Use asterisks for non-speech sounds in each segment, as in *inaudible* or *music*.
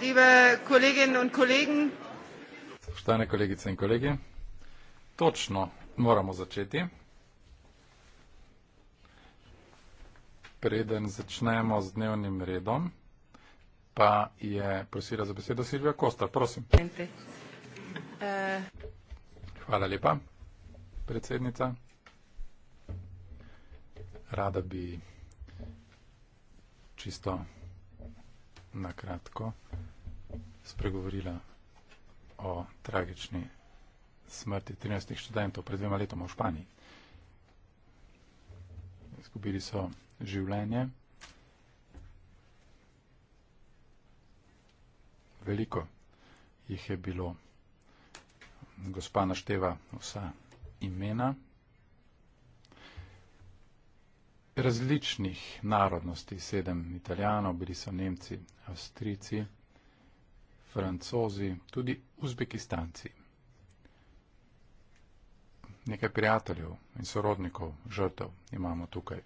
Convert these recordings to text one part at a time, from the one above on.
liebe Kolleginnen und Kollegen. Spoštovane kolegice in kolegi, točno moramo začeti. Preden začnemo z dnevnim redom, pa je prosila za besedo Silvija Kostar, prosim. Eh. Hvala lepa, predsednica. Rada bi čisto na kratko spregovorila o tragični smrti 13 študentov pred dvema letoma v Španiji. Izgubili so življenje. Veliko jih je bilo. Gospa našteva vsa imena različnih narodnosti, sedem italijanov, bili so nemci, avstrici francozi, tudi uzbekistanci. Nekaj prijateljev in sorodnikov žrtev imamo tukaj.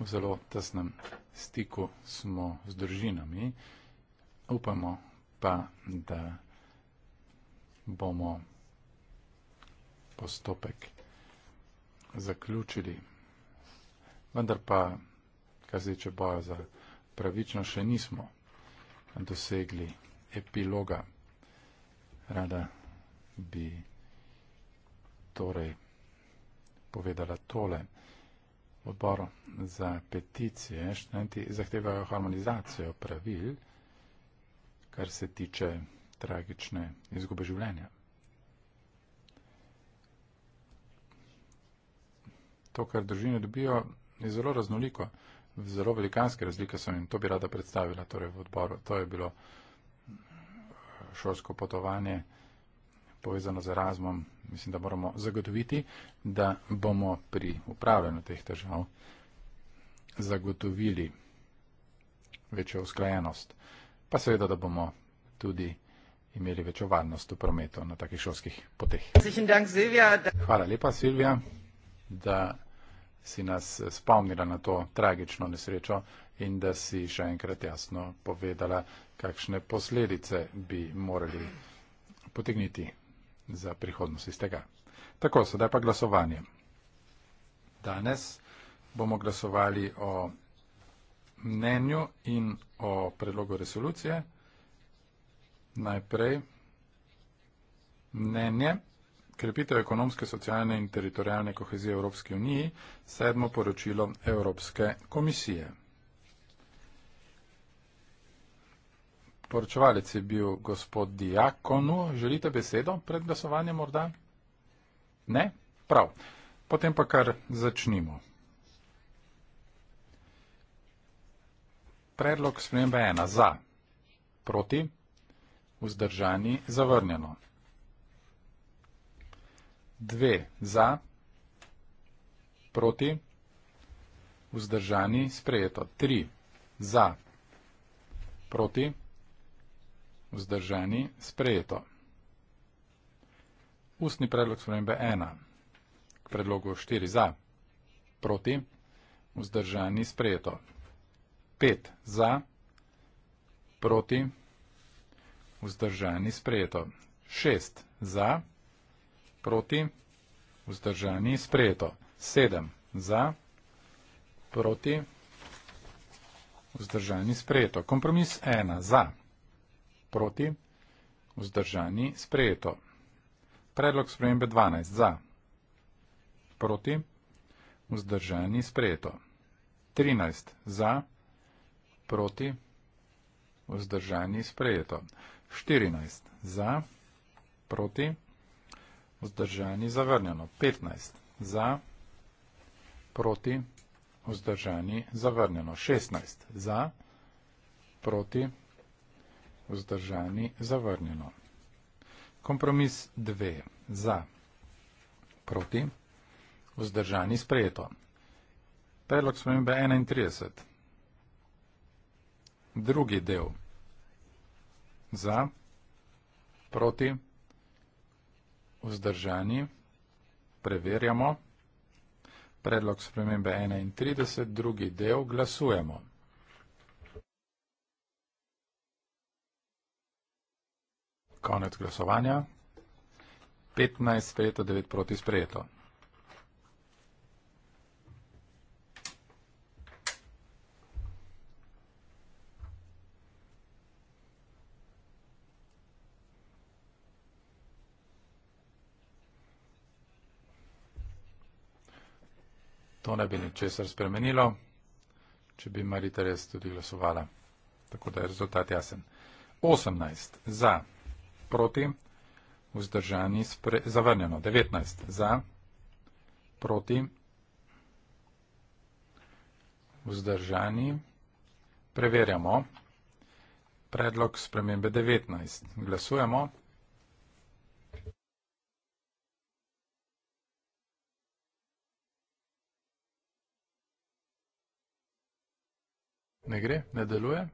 V zelo tesnem stiku smo z družinami. Upamo pa, da bomo postopek zaključili. Vendar pa, kar zdi, če boja za pravično, še nismo dosegli epiloga. Rada bi torej povedala tole. Odbor za peticije študenti zahtevajo harmonizacijo pravil, kar se tiče tragične izgube življenja. To, kar družine dobijo, je zelo raznoliko zelo velikanske razlike so in to bi rada predstavila torej v odboru. To je bilo eh, šolsko potovanje povezano z Erasmom. Mislim, da moramo zagotoviti, da bomo pri upravljanju teh težav zagotovili večjo usklajenost. Pa seveda, da bomo tudi imeli večjo varnost v prometu na takih šolskih poteh. Hvala lepa, Silvija, da si nas spomnila na to tragično nesrečo in da si še enkrat jasno povedala, kakšne posledice bi morali potegniti za prihodnost iz tega. Tako, sedaj pa glasovanje. Danes bomo glasovali o mnenju in o predlogu resolucije. Najprej mnenje krepitev ekonomske, socialne in teritorijalne kohezije Evropske unije, sedmo poročilo Evropske komisije. Poročevalec je bil gospod Diakonu. Želite besedo pred glasovanjem morda? Ne? Prav. Potem pa kar začnimo. Predlog spremembe ena. Za. Proti. Vzdržani. Zavrnjeno dve za, proti, vzdržani, sprejeto. Tri za, proti, vzdržani, sprejeto. Ustni predlog spremembe ena, k predlogu štiri za, proti, vzdržani, sprejeto. Pet za, proti, vzdržani, sprejeto. Šest za, proti, vzdržani, sprejeto proti, vzdržani, sprejeto. 7 za, proti, vzdržani, sprejeto. Kompromis 1 za, proti, vzdržani, sprejeto. Predlog spremembe 12 za, proti, vzdržani, sprejeto. 13 za, proti, vzdržani, sprejeto. 14 za, proti, vzdržani, sprejeto vzdržani zavrnjeno. 15 za, proti, vzdržani zavrnjeno. 16 za, proti, vzdržani zavrnjeno. Kompromis 2 za, proti, vzdržani sprejeto. Predlog spremembe 31. Drugi del za, proti, vzdržani zavrnjeno vzdržani, preverjamo, predlog spremembe 31, drugi del, glasujemo. Konec glasovanja. 15 sprejeto, 9 proti sprejeto. to ne bi ničesar spremenilo, če bi Marita res tudi glasovala. Tako da je rezultat jasen. 18 za, proti, vzdržani, spre, zavrnjeno. 19 za, proti, vzdržani. Preverjamo. Predlog spremembe 19. Glasujemo. Ne gre, ne deluje.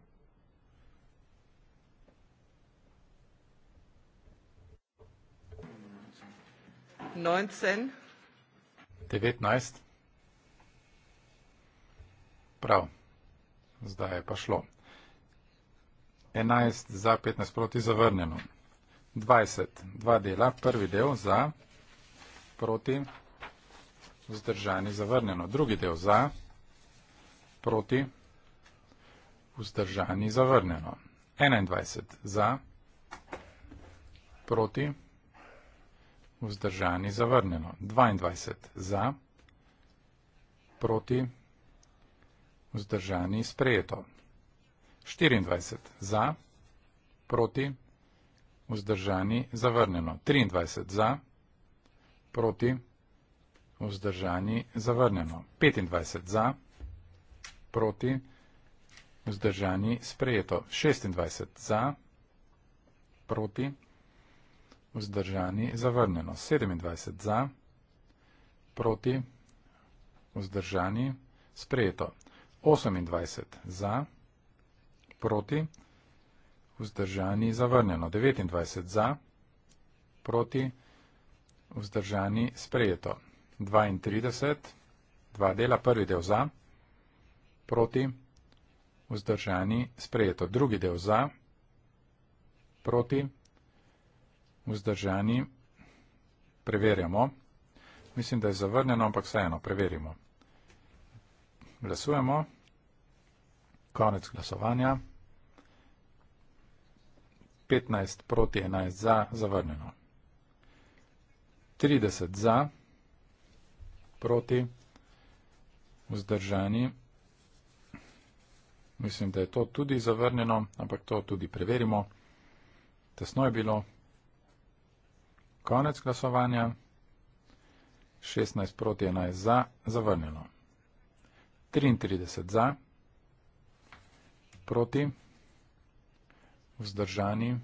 Devetnajst. Prav, zdaj je pa šlo. Enajst za, petnajst proti zavrnjeno. Dvajset, dva dela, prvi del za, proti, vzdržani zavrnjeno. Drugi del za, proti, vzdržani zavrnjeno vzdržani zavrnjeno. 21 za, proti, vzdržani zavrnjeno. 22 za, proti, vzdržani sprejeto. 24 za, proti, vzdržani zavrnjeno. 23 za, proti, vzdržani zavrnjeno. 25 za, proti, vzdržani zavrnjeno. Vzdržani sprejeto 26 za, proti, vzdržani zavrnjeno 27 za, proti, vzdržani sprejeto 28 za, proti, vzdržani zavrnjeno 29 za, proti, vzdržani sprejeto 32, dva dela, prvi del za, proti, vzdržani sprejeto vzdržani, sprejeto. Drugi del za, proti, vzdržani, preverjamo. Mislim, da je zavrnjeno, ampak vseeno, preverimo. Glasujemo, konec glasovanja, 15 proti 11 za, zavrnjeno. 30 za, proti, vzdržani, preverjamo. Mislim, da je to tudi zavrnjeno, ampak to tudi preverimo. Tesno je bilo. Konec glasovanja. 16 proti 11 za, zavrnjeno. 33 za, proti, vzdržani.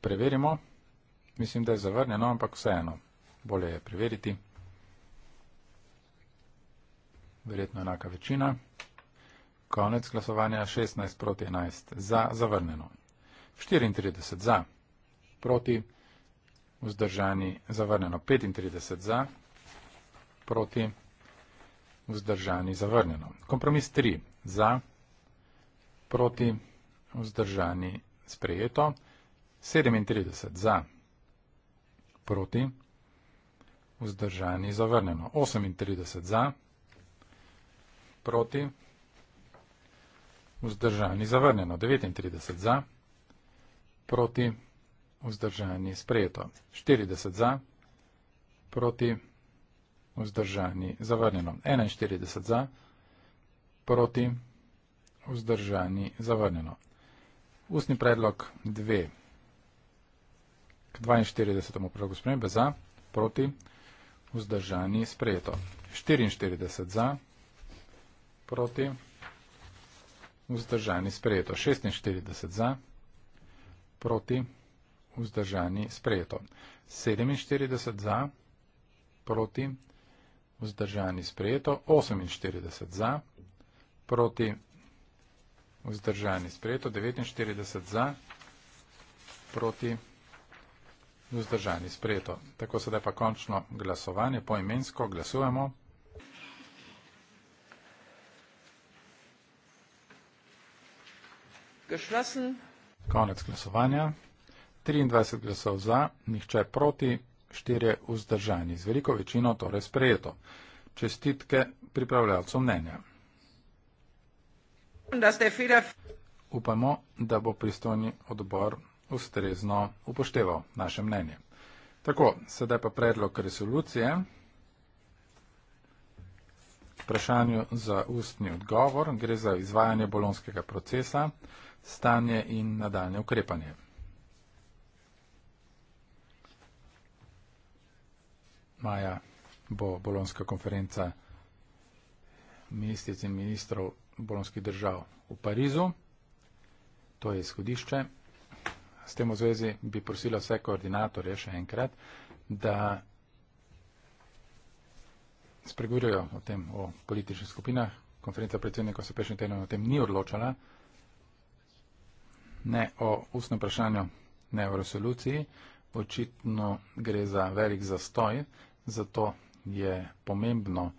Preverimo. Mislim, da je zavrnjeno, ampak vseeno. Bolje je preveriti. Verjetno enaka večina. Konec glasovanja 16 proti 11 za zavrnjeno. 34 za proti vzdržani zavrnjeno. 35 za proti vzdržani zavrnjeno. Kompromis 3 za proti vzdržani sprejeto. 37 za proti vzdržani zavrnjeno. 38 za proti vzdržani zavrnjeno vzdržani zavrnjeno, 39 za, proti vzdržani sprejeto, 40 za, proti vzdržani zavrnjeno, 41 za, proti vzdržani zavrnjeno. Ustni predlog 2 k 42. predlogu spremembe za, proti vzdržani sprejeto, 44 za, proti vzdržani sprejeto vzdržani sprejeto. 46 za, proti, vzdržani sprejeto. 47 za, proti, vzdržani sprejeto. 48 za, proti, vzdržani sprejeto. 49 za, proti, vzdržani sprejeto. Tako sedaj pa končno glasovanje. Poimensko glasujemo. geschlossen. Konec glasovanja. 23 glasov za, nihče proti, 4 vzdržani. Z veliko večino torej sprejeto. Čestitke pripravljalcu mnenja. Upamo, da bo pristojni odbor ustrezno upošteval naše mnenje. Tako, sedaj pa predlog resolucije. Vprašanju za ustni odgovor gre za izvajanje bolonskega procesa stanje in nadaljne ukrepanje. Maja bo bolonska konferenca ministric in ministrov bolonskih držav v Parizu. To je izhodišče. S tem v zvezi bi prosila vse koordinatorje še enkrat, da spregovorijo o tem, o političnih skupinah. Konferenca predsednikov se prejšnji teden o tem ni odločala ne o ustnem vprašanju, ne o resoluciji. Očitno gre za velik zastoj, zato je pomembno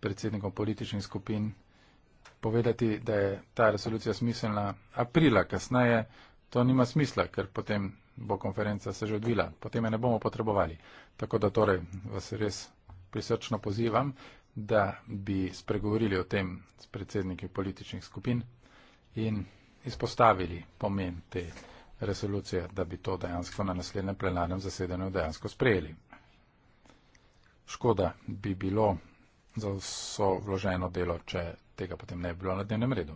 predsednikom političnih skupin povedati, da je ta resolucija smiselna aprila, kasneje to nima smisla, ker potem bo konferenca se že odvila, potem je ne bomo potrebovali. Tako da torej vas res prisrčno pozivam, da bi spregovorili o tem s predsedniki političnih skupin in izpostavili pomen te resolucije, da bi to dejansko na naslednjem plenarnem zasedanju dejansko sprejeli. Škoda bi bilo za vso vloženo delo, če tega potem ne bi bilo na dnevnem redu.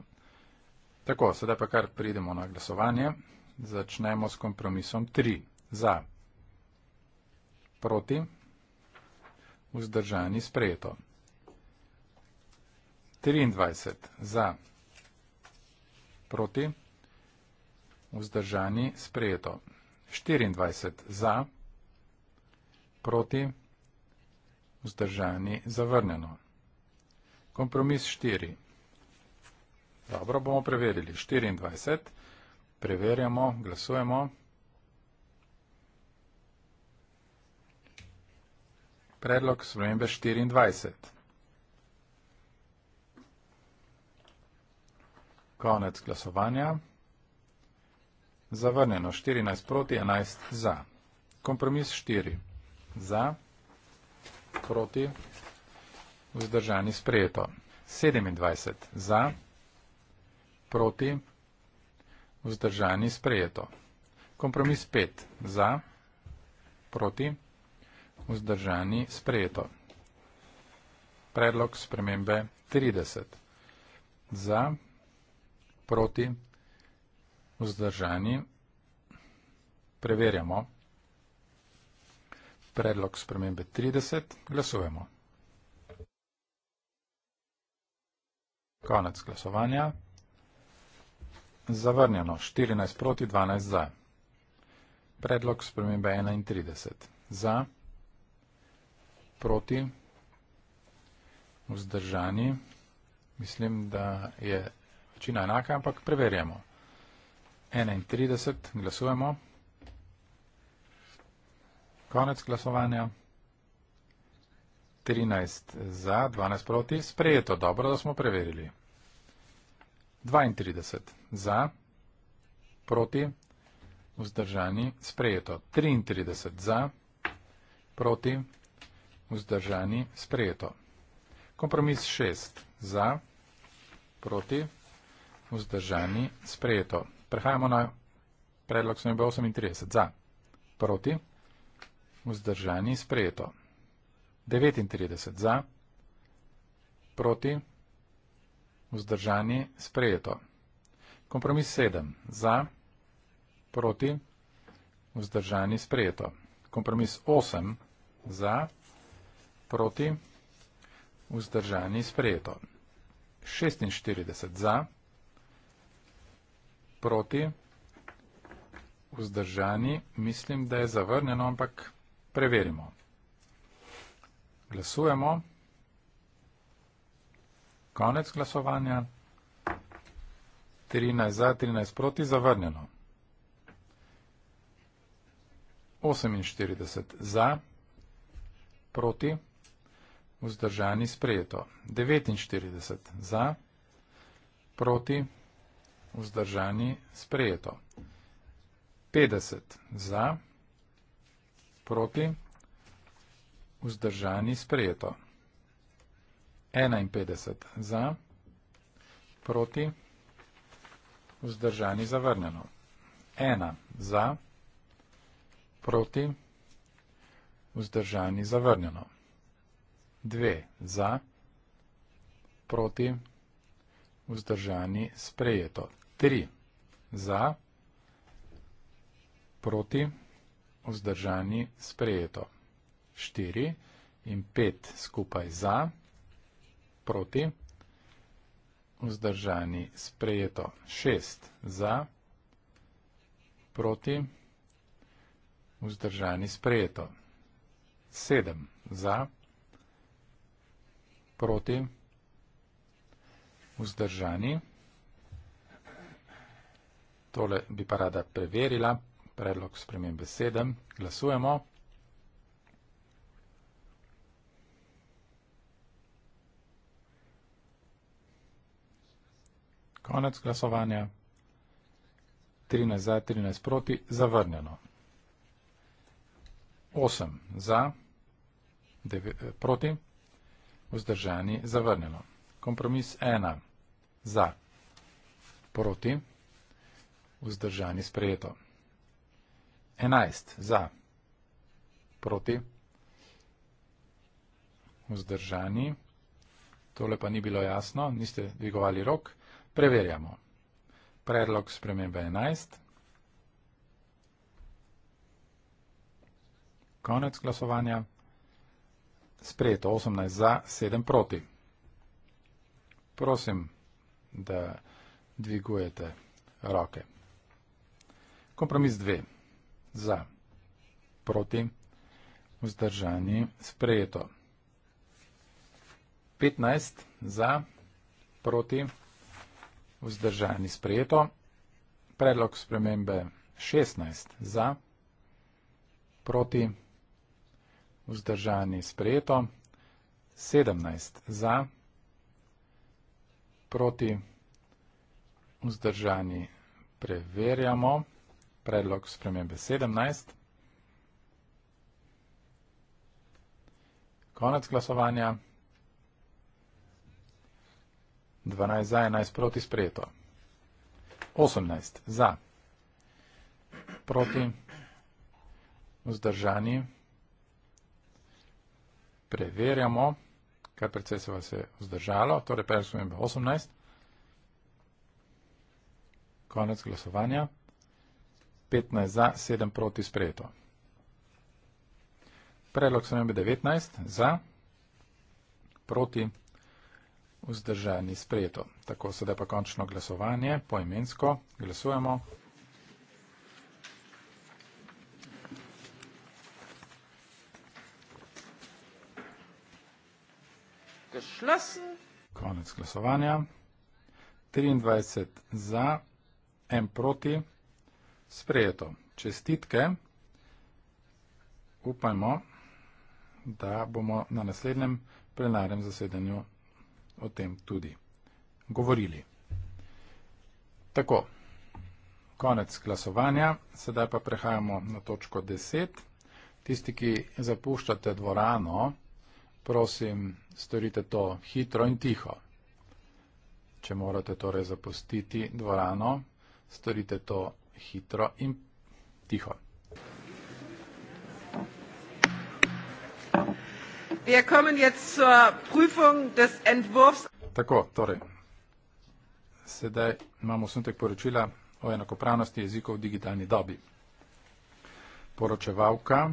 Tako, sedaj pa kar pridemo na glasovanje. Začnemo s kompromisom 3. Za. Proti. Vzdržani sprejeto. 23. Za proti, vzdržani, sprejeto. 24 za, proti, vzdržani, zavrnjeno. Kompromis 4. Dobro, bomo preverili. 24. Preverjamo, glasujemo. Predlog spremembe 24. Konec glasovanja. Zavrnjeno 14 proti 11 za. Kompromis 4. Za. Proti. Vzdržani sprejeto. 27. Za. Proti. Vzdržani sprejeto. Kompromis 5. Za. Proti. Vzdržani sprejeto. Predlog spremembe 30. Za. Proti proti, vzdržani. Preverjamo. Predlog spremembe 30. Glasujemo. Konec glasovanja. Zavrnjeno. 14 proti 12 za. Predlog spremembe 31. Za. Proti. Vzdržani. Mislim, da je večina enaka, ampak preverjamo. 31, glasujemo. Konec glasovanja. 13 za, 12 proti. Sprejeto, dobro, da smo preverili. 32 za, proti, vzdržani, sprejeto. 33 za, proti, vzdržani, sprejeto. Kompromis 6 za, proti, vzdržani vzdržani, sprejeto. Prehajamo na predlog sem je bil 38, za, proti, vzdržani, sprejeto. 39, za, proti, vzdržani, sprejeto. Kompromis 7, za, proti, vzdržani, sprejeto. Kompromis 8, za, proti, vzdržani, sprejeto. 46, za, proti, vzdržani, sprejeto proti, vzdržani, mislim, da je zavrnjeno, ampak preverimo. Glasujemo. Konec glasovanja. 13 za, 13 proti, zavrnjeno. 48 za, proti, vzdržani, sprejeto. 49 za, proti, vzdržani vzdržani, sprejeto. 50 za, proti, vzdržani, sprejeto. 51 za, proti, vzdržani, zavrnjeno. 1 za, proti, vzdržani, zavrnjeno. 2 za, proti, vzdržani, sprejeto. 3 za, proti, vzdržani, sprejeto. 3 za, proti, vzdržani, sprejeto. 4 in 5 skupaj za, proti, vzdržani, sprejeto. 6 za, proti, vzdržani, sprejeto. 7 za, proti, vzdržani, sprejeto. Tole bi pa rada preverila. Predlog spremembe 7. Glasujemo. Konec glasovanja. 13 za, 13 proti, zavrnjeno. 8 za, 9 eh, proti, vzdržani, zavrnjeno. Kompromis 1 za, proti vzdržani sprejeto. 11 za, proti, vzdržani, tole pa ni bilo jasno, niste dvigovali rok, preverjamo. Predlog spremembe 11. Konec glasovanja. Sprejeto 18 za, 7 proti. Prosim, da dvigujete roke. Kompromis dve. Za. Proti. Vzdržanje. Sprejeto. 15. Za. Proti. Vzdržanje. Sprejeto. Predlog spremembe 16. Za. Proti. Vzdržanje. Sprejeto. 17. Za. Proti. Vzdržanje. Preverjamo. Preverjamo predlog spremembe 17. Konec glasovanja. 12 za, 11 proti sprejeto. 18 za, proti, vzdržani. Preverjamo, kar precej se vas je vzdržalo, torej predlog spremembe 18. Konec glasovanja. 15 za, 7 proti sprejeto. Predlog sem imel 19 za, proti vzdržani sprejeto. Tako sedaj pa končno glasovanje, poimensko glasujemo. Konec glasovanja. 23 za, 1 proti sprejeto. Čestitke. Upajmo, da bomo na naslednjem plenarnem zasedanju o tem tudi govorili. Tako, konec glasovanja, sedaj pa prehajamo na točko 10. Tisti, ki zapuščate dvorano, prosim, storite to hitro in tiho. Če morate torej zapustiti dvorano, storite to hitro in tiho. Tako, torej, sedaj imamo osnutek poročila o enakopravnosti jezikov v digitalni dobi. Poročevalka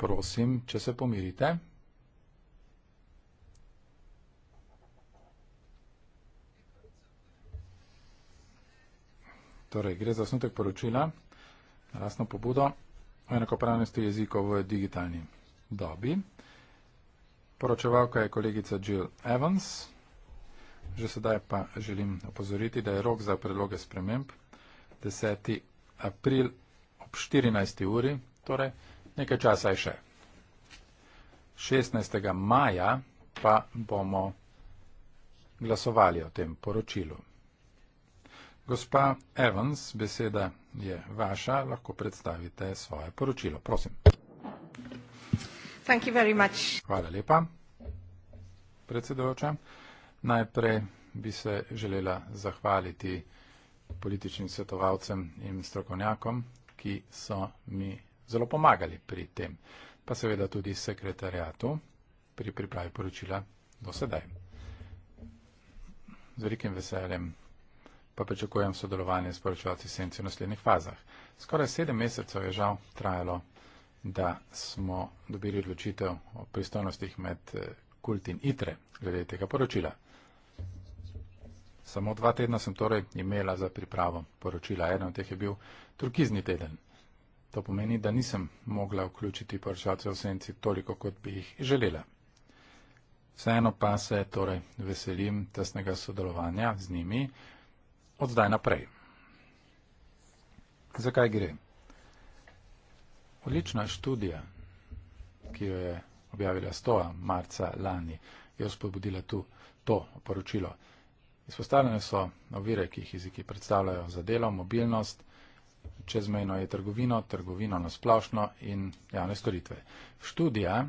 Prosim, če se pomirite. Torej, gre za osnutek poročila, lastno pobudo o enakopravnosti jezikov v digitalni dobi. Poročevalka je kolegica Jill Evans. Že sedaj pa želim opozoriti, da je rok za predloge sprememb 10. april ob 14. uri, torej nekaj časa je še. 16. maja pa bomo glasovali o tem poročilu. Gospa Evans, beseda je vaša, lahko predstavite svoje poročilo. Prosim. Hvala lepa, predsedujoča. Najprej bi se želela zahvaliti političnim svetovalcem in strokovnjakom, ki so mi zelo pomagali pri tem, pa seveda tudi sekretarijatu pri pripravi poročila do sedaj. Z velikim veseljem pa pričakujem sodelovanje s poročevalci Senci v naslednjih fazah. Skoraj sedem mesecev je žal trajalo, da smo dobili odločitev o pristojnostih med eh, Kult in Itre glede tega poročila. Samo dva tedna sem torej imela za pripravo poročila. Eden od teh je bil turkizni teden. To pomeni, da nisem mogla vključiti pršace v senci toliko, kot bi jih želela. Vseeno pa se torej veselim tesnega sodelovanja z njimi od zdaj naprej. Zakaj gre? Odlična študija, ki jo je objavila Stoa marca lani, je spodbudila tu to poročilo. Izpostavljene so ovire, ki jih jeziki predstavljajo za delo, mobilnost, čezmejno je trgovino, trgovino na splošno in javne storitve. Študija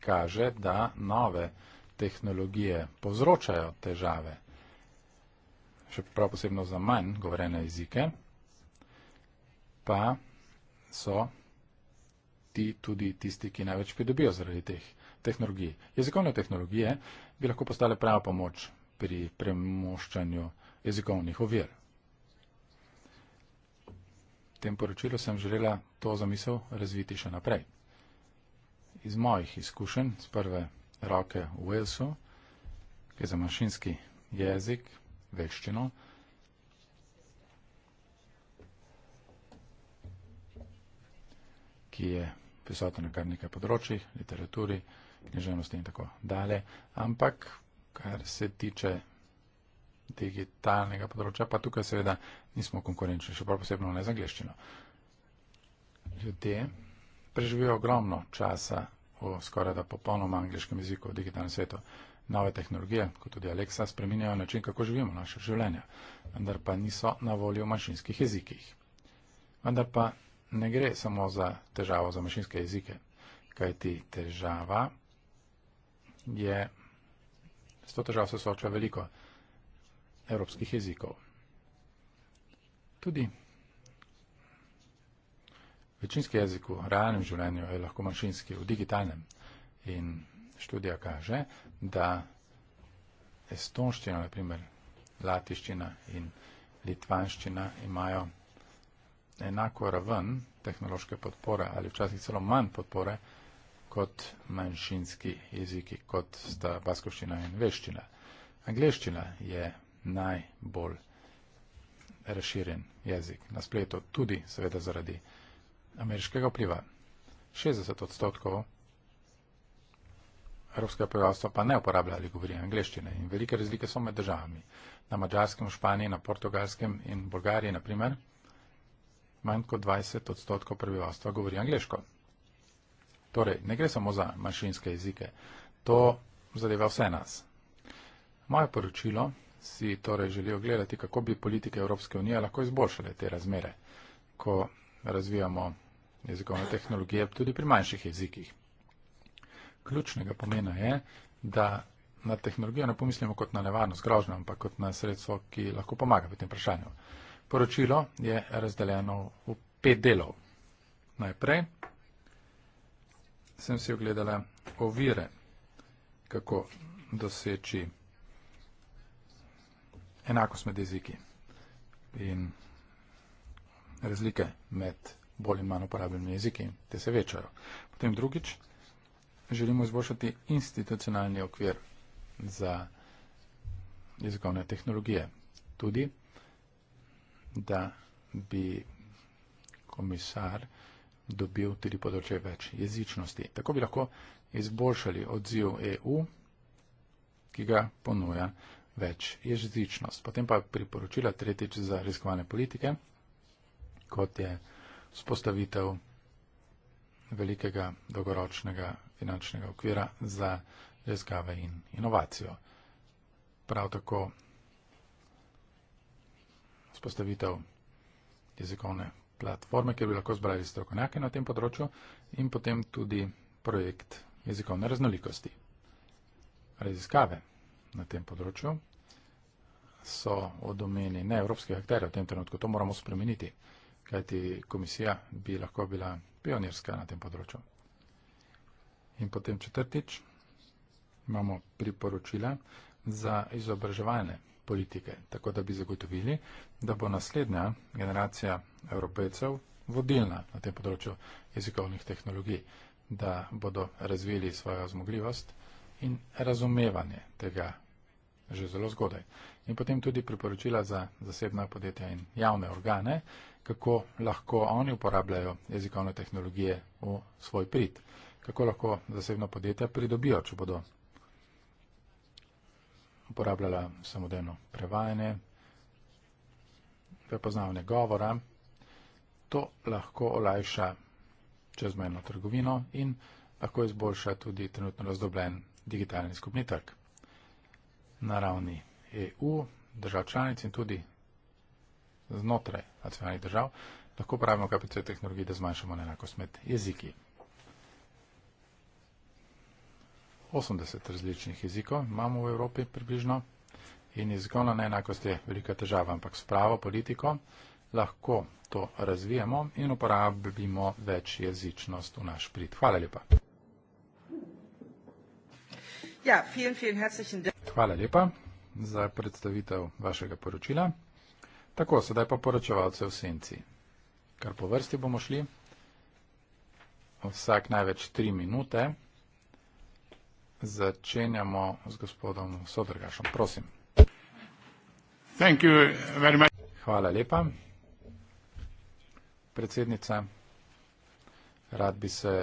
kaže, da nove tehnologije povzročajo težave, še prav posebno za manj govorene jezike, pa so ti tudi tisti, ki največ pridobijo zaradi teh tehnologij. Jezikovne tehnologije bi lahko postale prava pomoč pri premoščanju jezikovnih ovir tem poročilu sem želela to zamisel razviti še naprej. Iz mojih izkušenj z prve roke v Walesu, ki je za mašinski jezik, veščino, ki je prisotna na kar nekaj področjih, literaturi, književnosti in tako dalje, ampak kar se tiče digitalnega področja, pa tukaj seveda nismo konkurenčni, še prav posebno ne z angliščino. Ljudje preživijo ogromno časa v skoraj da popolnoma angliškem jeziku v digitalnem svetu. Nove tehnologije, kot tudi Alexa, spreminjajo način, kako živimo naše življenje, vendar pa niso na voljo v mašinskih jezikih. Vendar pa ne gre samo za težavo za mašinske jezike, kajti težava je, s to težavo se sooča veliko, evropskih jezikov. Tudi večinski jezik v realnem življenju je lahko manjšinski, v digitalnem. In študija kaže, da estonščina, naprimer latiščina in litvanščina imajo enako raven tehnološke podpore ali včasih celo manj podpore kot manjšinski jeziki, kot sta baskoščina in veščina. Angliščina je najbolj razširjen jezik na spletu, tudi seveda zaradi ameriškega vpliva. 60 odstotkov evropskega prebivalstva pa ne uporablja ali govori angleščine in velike razlike so med državami. Na Mačarskem, Španiji, na Portugalskem in Bolgariji, naprimer, manj kot 20 odstotkov prebivalstva govori angliško. Torej, ne gre samo za manjšinske jezike, to zadeva vse nas. Moje poročilo si torej želijo gledati, kako bi politike Evropske unije lahko izboljšale te razmere, ko razvijamo jezikovne tehnologije tudi pri manjših jezikih. Ključnega pomena je, da na tehnologijo ne pomislimo kot na nevarnost grožnja, ampak kot na sredstvo, ki lahko pomaga pri tem vprašanju. Poročilo je razdeljeno v pet delov. Najprej sem si ogledala ovire, kako doseči enakost med jeziki in razlike med bolj in manj uporabljenimi jeziki, te se večajo. Potem drugič, želimo izboljšati institucionalni okvir za jezikovne tehnologije. Tudi, da bi komisar dobil tudi področje več jezičnosti. Tako bi lahko izboljšali odziv EU, ki ga ponuja več jezičnost. Potem pa priporočila tretjič za raziskovane politike, kot je spostavitev velikega dolgoročnega finančnega okvira za raziskave in inovacijo. Prav tako spostavitev jezikovne platforme, kjer bi lahko zbrali strokovnjake na tem področju in potem tudi projekt jezikovne raznolikosti. Raziskave na tem področju so v domeni ne evropskih akterjev v tem trenutku. To moramo spremeniti, kajti komisija bi lahko bila pionirska na tem področju. In potem četrtič imamo priporočila za izobraževalne politike, tako da bi zagotovili, da bo naslednja generacija evropejcev vodilna na tem področju jezikovnih tehnologij, da bodo razvili svojo zmogljivost in razumevanje tega že zelo zgodaj. In potem tudi priporočila za zasebna podjetja in javne organe, kako lahko oni uporabljajo jezikovne tehnologije v svoj prid, kako lahko zasebna podjetja pridobijo, če bodo uporabljala samodejno prevajanje, prepoznavanje govora. To lahko olajša čezmejno trgovino in lahko izboljša tudi trenutno razdobljen digitalni skupni trg na ravni EU, držav članic in tudi znotraj nacionalnih držav, lahko pravimo KPC tehnologiji, da zmanjšamo neenakost med jeziki. 80 različnih jezikov imamo v Evropi približno in jezikovna neenakost je velika težava, ampak s pravo politiko lahko to razvijemo in uporabimo več jezičnost v naš prid. Hvala lepa. Ja, vielen, vielen herzlichen Dank. Hvala lepa za predstavitev vašega poročila. Tako, sedaj pa poročevalce v senci. Kar po vrsti bomo šli, vsak največ tri minute, začenjamo z gospodom Sodrgašom. Prosim. Hvala lepa. Predsednica, rad bi se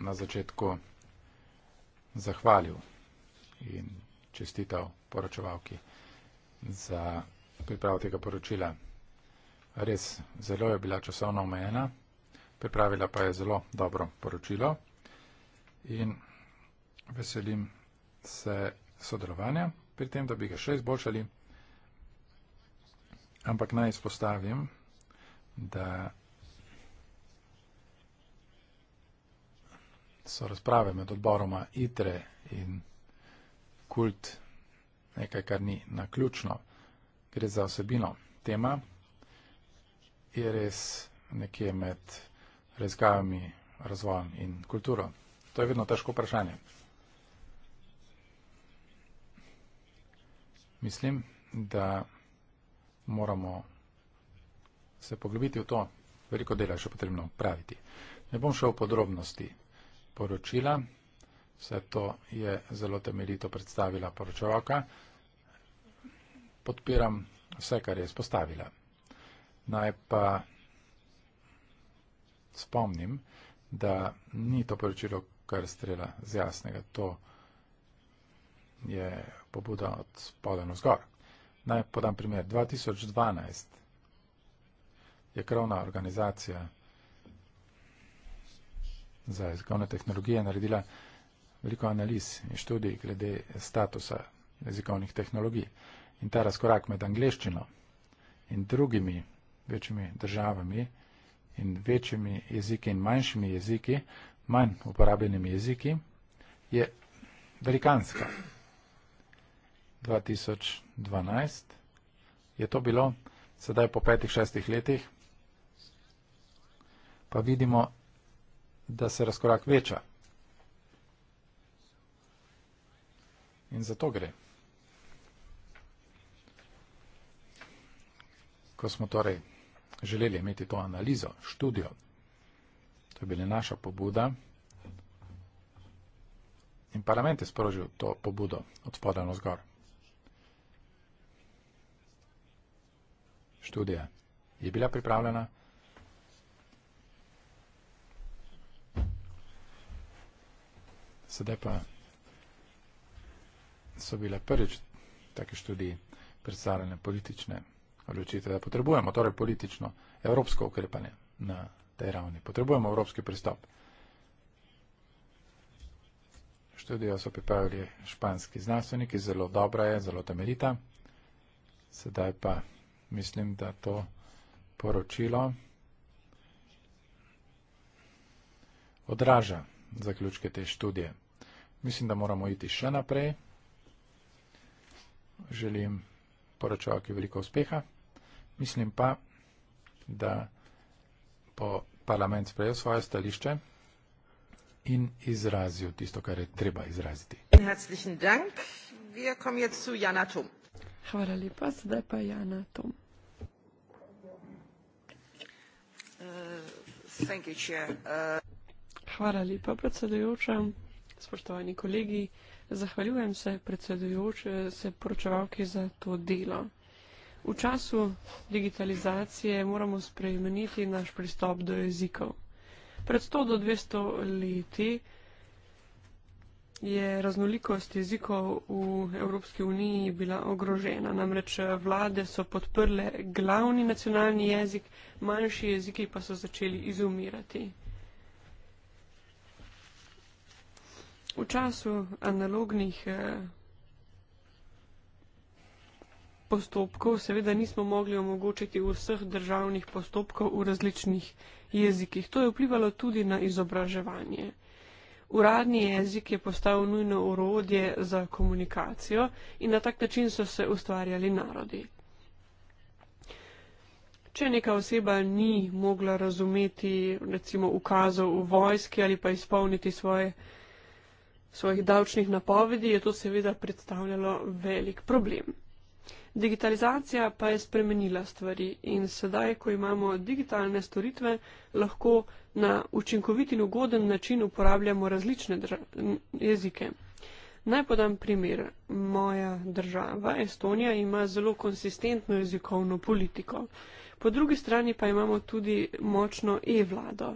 na začetku zahvalil in čestital poročevalki za pripravo tega poročila. Res zelo je bila časovno omejena, pripravila pa je zelo dobro poročilo in veselim se sodelovanja pri tem, da bi ga še izboljšali. Ampak naj izpostavim, da so razprave med odboroma ITRE in kult nekaj, kar ni naključno. Gre za osebino. Tema je res nekje med razgajami, razvojem in kulturo. To je vedno težko vprašanje. Mislim, da moramo se poglobiti v to. Veliko dela je še potrebno praviti. Ne bom šel v podrobnosti poročila. Vse to je zelo temeljito predstavila poročevalka. Podpiram vse, kar je izpostavila. Naj pa spomnim, da ni to poročilo kar strela z jasnega. To je pobuda od spodaj na zgor. Naj podam primer. 2012 je krovna organizacija za jezikovne tehnologije naredila veliko analiz in študij glede statusa jezikovnih tehnologij. In ta razkorak med angliščino in drugimi večjimi državami in večjimi jeziki in manjšimi jeziki, manj uporabljenimi jeziki, je velikanska. 2012 je to bilo, sedaj po petih, šestih letih, pa vidimo, da se razkorak veča. In za to gre. Ko smo torej želeli imeti to analizo, študijo, to je bila naša pobuda in parlament je sprožil to pobudo od spodaj na zgor. Študija je bila pripravljena. Sedaj pa so bile prvič take študije predstavljene politične odločitve, da potrebujemo torej politično evropsko ukrepanje na tej ravni. Potrebujemo evropski pristop. Študijo so pripravili španski znanstveniki, zelo dobra je, zelo temeljita. Sedaj pa mislim, da to poročilo odraža zaključke te študije. Mislim, da moramo iti še naprej želim poročavki veliko uspeha. Mislim pa, da bo parlament sprejel svoje stališče in izrazil tisto, kar je treba izraziti. Hvala lepa, zdaj pa Jana Tom. Uh, uh, Hvala lepa, predsedujoča, spoštovani kolegi. Zahvaljujem se predsedujoče, se poročevalki za to delo. V času digitalizacije moramo spremeniti naš pristop do jezikov. Pred 100 do 200 leti je raznolikost jezikov v Evropski uniji bila ogrožena. Namreč vlade so podprle glavni nacionalni jezik, manjši jeziki pa so začeli izumirati. v času analognih eh, postopkov seveda nismo mogli omogočiti vseh državnih postopkov v različnih jezikih. To je vplivalo tudi na izobraževanje. Uradni jezik je postal nujno urodje za komunikacijo in na tak način so se ustvarjali narodi. Če neka oseba ni mogla razumeti recimo ukazov v vojski ali pa izpolniti svoje svojih davčnih napovedi, je to seveda predstavljalo velik problem. Digitalizacija pa je spremenila stvari in sedaj, ko imamo digitalne storitve, lahko na učinkovit in ugoden način uporabljamo različne jezike. Naj podam primer. Moja država, Estonija, ima zelo konsistentno jezikovno politiko. Po drugi strani pa imamo tudi močno e-vlado.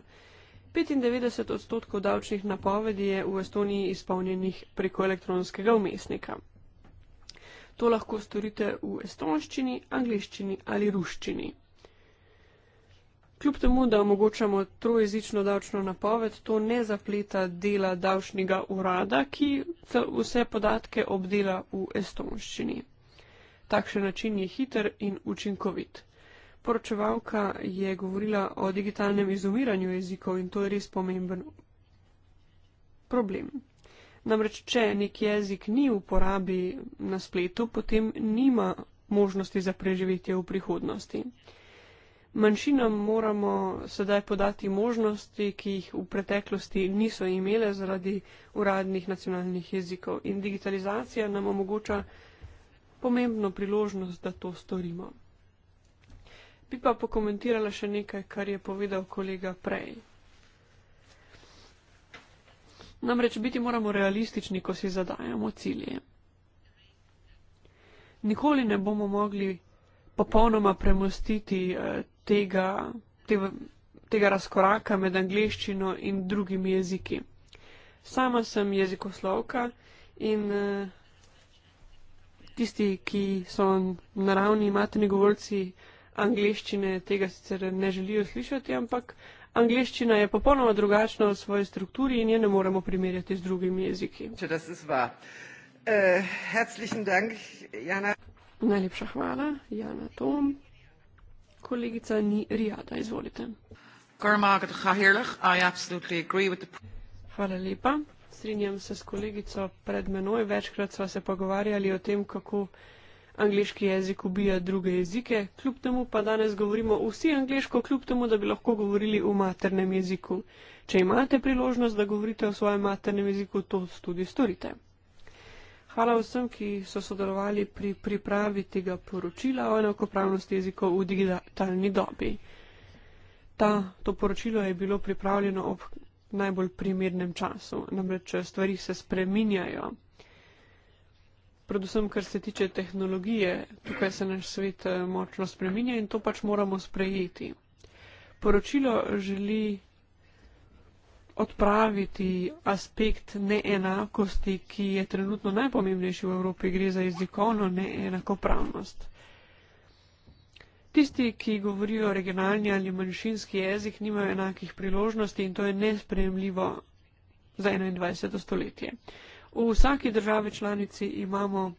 95 odstotkov davčnih napovedi je v Estoniji izpolnjenih preko elektronskega umestnika. To lahko storite v estonščini, angliščini ali ruščini. Kljub temu, da omogočamo trojezično davčno napoved, to ne zapleta dela davčnega urada, ki vse podatke obdela v estonščini. Takšen način je hiter in učinkovit poročevalka je govorila o digitalnem izumiranju jezikov in to je res pomemben problem. Namreč, če nek jezik ni v uporabi na spletu, potem nima možnosti za preživetje v prihodnosti. Manjšinam moramo sedaj podati možnosti, ki jih v preteklosti niso imele zaradi uradnih nacionalnih jezikov in digitalizacija nam omogoča pomembno priložnost, da to storimo. Bi pa pokomentirala še nekaj, kar je povedal kolega prej. Namreč biti moramo realistični, ko si zadajamo cilje. Nikoli ne bomo mogli popolnoma premostiti eh, tega, tega, tega razkoraka med angliščino in drugimi jeziki. Sama sem jezikoslovka in eh, tisti, ki so naravni matni govorci, angliščine tega sicer ne želijo slišati, ampak angliščina je popolnoma drugačna v svoji strukturi in je ne moremo primerjati z drugimi jeziki. Äh, Najlepša hvala, Jana Tom. Kolegica ni Rijada, izvolite. Hvala lepa. Strinjam se s kolegico pred menoj. Večkrat sva se pogovarjali o tem, kako angliški jezik ubija druge jezike, kljub temu pa danes govorimo vsi angliško, kljub temu, da bi lahko govorili v maternem jeziku. Če imate priložnost, da govorite v svojem maternem jeziku, to tudi storite. Hvala vsem, ki so sodelovali pri pripravi tega poročila o enakopravnosti jezikov v digitalni dobi. Ta, to poročilo je bilo pripravljeno ob najbolj primernem času, namreč stvari se spreminjajo predvsem kar se tiče tehnologije, tukaj se naš svet eh, močno spreminja in to pač moramo sprejeti. Poročilo želi odpraviti aspekt neenakosti, ki je trenutno najpomembnejši v Evropi, gre za jezikovno neenakopravnost. Tisti, ki govorijo regionalni ali manjšinski jezik, nimajo enakih priložnosti in to je nespremljivo za 21. stoletje. V vsaki državi članici imamo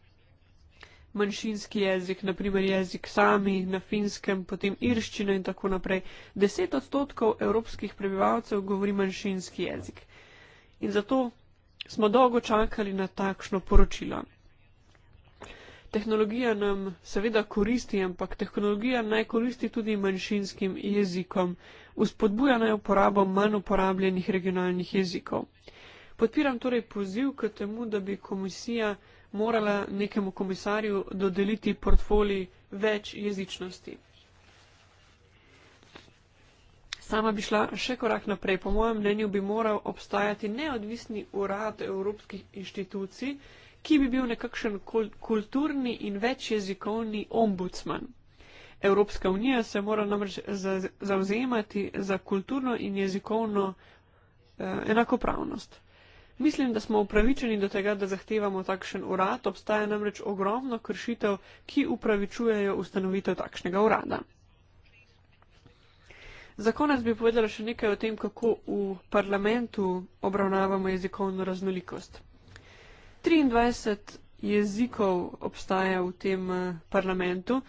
manjšinski jezik, naprimer jezik sami, na finskem, potem irščina in tako naprej. Deset odstotkov evropskih prebivalcev govori manjšinski jezik. In zato smo dolgo čakali na takšno poročilo. Tehnologija nam seveda koristi, ampak tehnologija naj koristi tudi manjšinskim jezikom. Uspodbuja naj uporabo manj uporabljenih regionalnih jezikov. Podpiram torej poziv k temu, da bi komisija morala nekemu komisarju dodeliti portfolij več jezičnosti. Sama bi šla še korak naprej. Po mojem mnenju bi moral obstajati neodvisni urad evropskih inštitucij, ki bi bil nekakšen kulturni in večjezikovni ombudsman. Evropska unija se mora namreč zauzemati za kulturno in jezikovno eh, enakopravnost. Mislim, da smo upravičeni do tega, da zahtevamo takšen urad. Obstaja namreč ogromno kršitev, ki upravičujejo ustanovitev takšnega urada. Za konec bi povedala še nekaj o tem, kako v parlamentu obravnavamo jezikovno raznolikost. 23 jezikov obstaja v tem eh, parlamentu,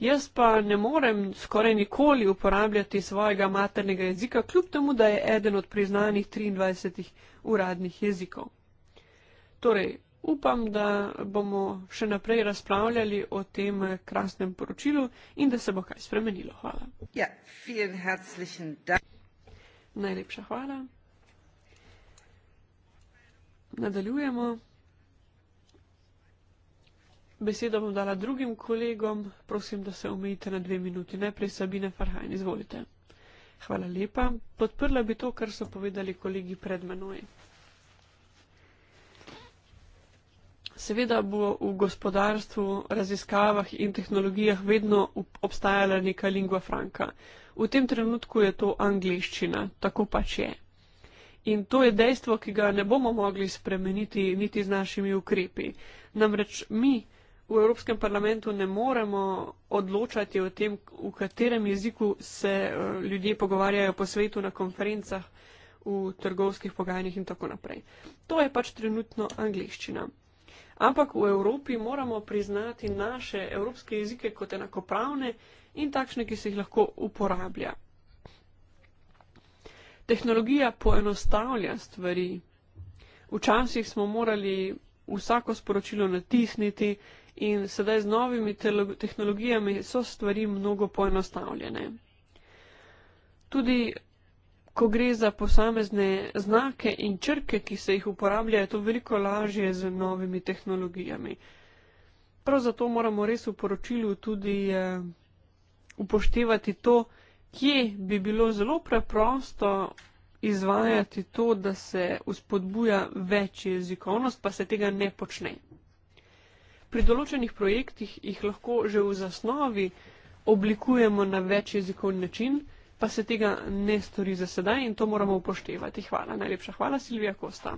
Jaz pa ne morem skoraj nikoli uporabljati svojega maternega jezika, kljub temu, da je eden od priznanih 23 uradnih jezikov. Torej, upam, da bomo še naprej razpravljali o tem krasnem poročilu in da se bo kaj spremenilo. Hvala. Ja, Najlepša hvala. Nadaljujemo. Besedo bom dala drugim kolegom, prosim, da se omejite na dve minuti. Najprej Sabine Farhajn, izvolite. Hvala lepa. Podprla bi to, kar so povedali kolegi pred menoj. Seveda bo v gospodarstvu, raziskavah in tehnologijah vedno obstajala neka lingua franca. V tem trenutku je to angliščina, tako pač je. In to je dejstvo, ki ga ne bomo mogli spremeniti niti z našimi ukrepi. Namreč mi, v Evropskem parlamentu ne moremo odločati o tem, v katerem jeziku se eh, ljudje pogovarjajo po svetu na konferencah, v trgovskih pogajanjih in tako naprej. To je pač trenutno angliščina. Ampak v Evropi moramo priznati naše evropske jezike kot enakopravne in takšne, ki se jih lahko uporablja. Tehnologija poenostavlja stvari. Včasih smo morali vsako sporočilo natisniti, in sedaj z novimi tehnologijami so stvari mnogo poenostavljene. Tudi ko gre za posamezne znake in črke, ki se jih uporablja, je to veliko lažje z novimi tehnologijami. Prav zato moramo res v poročilu tudi eh, upoštevati to, kje bi bilo zelo preprosto izvajati to, da se uspodbuja več jezikovnost, pa se tega ne počne pri določenih projektih jih lahko že v zasnovi oblikujemo na večjezikovni način, pa se tega ne stori za sedaj in to moramo upoštevati. Hvala, najlepša hvala, Silvija Kosta.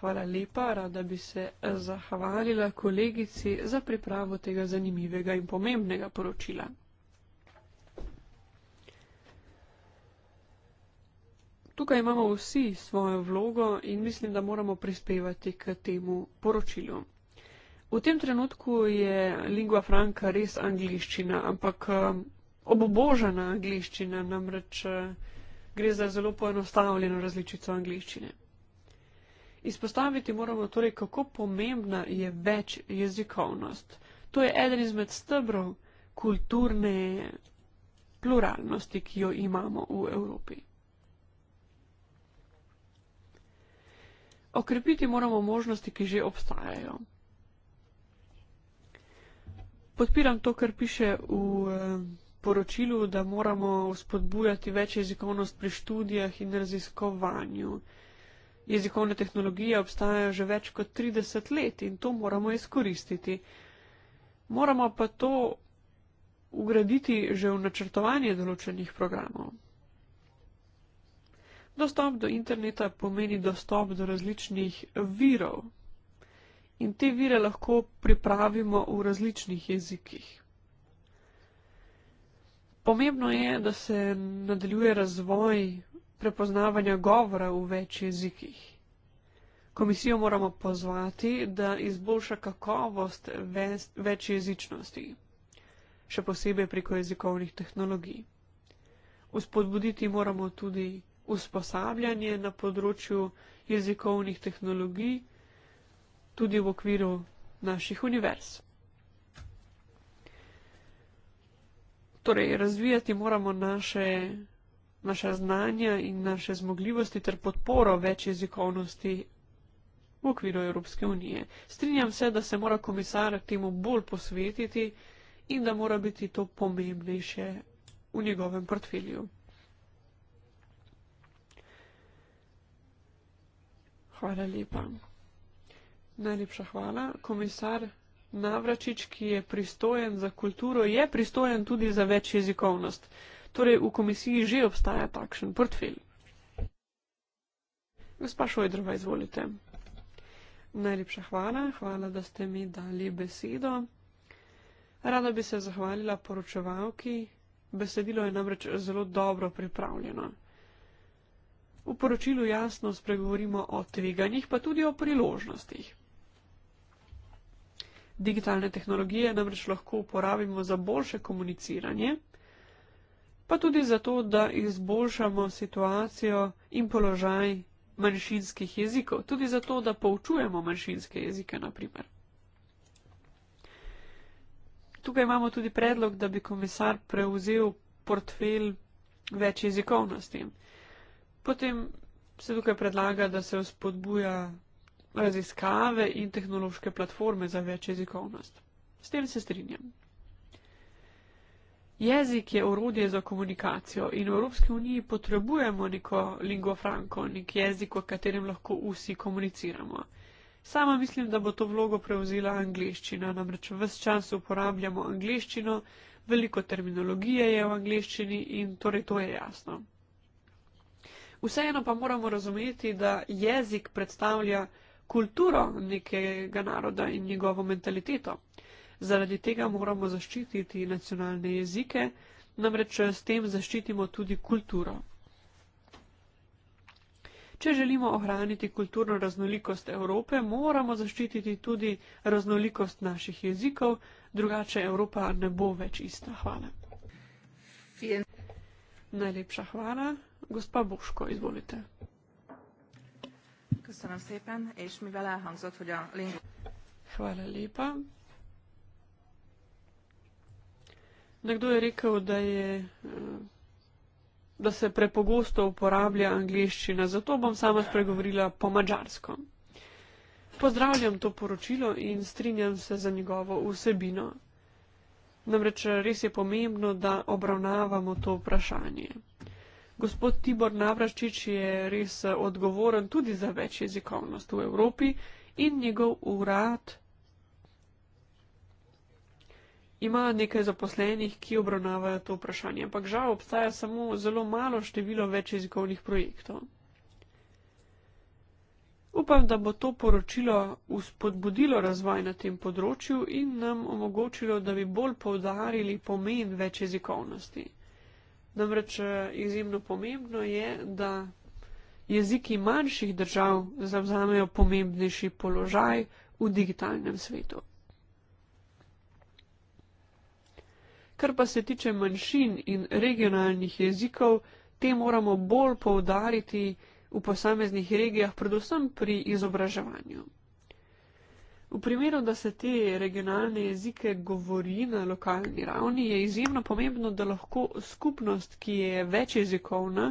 Hvala lepa, rada bi se zahvalila kolegici za pripravo tega zanimivega in pomembnega poročila. Tukaj imamo vsi svojo vlogo in mislim, da moramo prispevati k temu poročilu. V tem trenutku je lingua franca res angliščina, ampak um, obobožena angliščina, namreč uh, gre za zelo poenostavljeno različico angliščine. Izpostaviti moramo torej, kako pomembna je več jezikovnost. To je eden izmed stebrov kulturne pluralnosti, ki jo imamo v Evropi. Okrepiti moramo možnosti, ki že obstajajo podpiram to, kar piše v eh, poročilu, da moramo spodbujati več jezikovnost pri študijah in raziskovanju. Jezikovne tehnologije obstajajo že več kot 30 let in to moramo izkoristiti. Moramo pa to ugraditi že v načrtovanje določenih programov. Dostop do interneta pomeni dostop do različnih virov, in te vire lahko pripravimo v različnih jezikih. Pomembno je, da se nadaljuje razvoj prepoznavanja govora v več jezikih. Komisijo moramo pozvati, da izboljša kakovost večjezičnosti, še posebej preko jezikovnih tehnologij. Vzpodbuditi moramo tudi usposabljanje na področju jezikovnih tehnologij tudi v okviru naših univerz. Torej, razvijati moramo naše, naša znanja in naše zmogljivosti ter podporo več jezikovnosti v okviru Evropske unije. Strinjam se, da se mora komisar temu bolj posvetiti in da mora biti to pomembnejše v njegovem portfelju. Hvala lepa. Najlepša hvala. Komisar Navračič, ki je pristojen za kulturo, je pristojen tudi za več jezikovnost. Torej, v komisiji že obstaja takšen portfelj. Gospa Šojdrova, izvolite. Najlepša hvala. Hvala, da ste mi dali besedo. Rada bi se zahvalila poročevalki. Besedilo je namreč zelo dobro pripravljeno. V poročilu jasno spregovorimo o tveganjih, pa tudi o priložnostih. Digitalne tehnologije namreč lahko uporabimo za boljše komuniciranje, pa tudi zato, da izboljšamo situacijo in položaj manjšinskih jezikov, tudi zato, da poučujemo manjšinske jezike, naprimer. Tukaj imamo tudi predlog, da bi komisar prevzel portfelj več jezikovnosti. Potem se tukaj predlaga, da se vzpodbuja raziskave in tehnološke platforme za več jezikovnost. S tem se strinjam. Jezik je orodje za komunikacijo in v Evropski uniji potrebujemo neko lingvo franko, nek jezik, v katerem lahko vsi komuniciramo. Sama mislim, da bo to vlogo prevzela angliščina, namreč vse čas uporabljamo angliščino, veliko terminologije je v angliščini in torej to je jasno. Vseeno pa moramo razumeti, da jezik predstavlja kulturo nekega naroda in njegovo mentaliteto. Zaradi tega moramo zaščititi nacionalne jezike, namreč s tem zaščitimo tudi kulturo. Če želimo ohraniti kulturno raznolikost Evrope, moramo zaščititi tudi raznolikost naših jezikov, drugače Evropa ne bo več ista. Hvala. Fien. Najlepša hvala. Gospa Boško, izvolite. Köszönöm szépen, és mivel elhangzott, hogy a lingu... Hvala lepa. Nekdo je rekel, da, je, da se prepogosto uporablja angliščina, zato bom sama spregovorila po mačarsko. Pozdravljam to poročilo in strinjam se za njegovo vsebino. Namreč res je pomembno, da obravnavamo to vprašanje. Gospod Tibor Navraščič je res eh, odgovoren tudi za več jezikovnost v Evropi in njegov urad ima nekaj zaposlenih, ki obravnavajo to vprašanje, ampak žal obstaja samo zelo malo število več jezikovnih projektov. Upam, da bo to poročilo uspodbudilo razvoj na tem področju in nam omogočilo, da bi bolj poudarili pomen več jezikovnosti. Namreč eh, izjemno pomembno je, da jeziki manjših držav zavzamejo pomembnejši položaj v digitalnem svetu. Kar pa se tiče manjšin in regionalnih jezikov, te moramo bolj poudariti v posameznih regijah, predvsem pri izobraževanju. V primeru, da se te regionalne jezike govori na lokalni ravni, je izjemno pomembno, da lahko skupnost, ki je več jezikovna,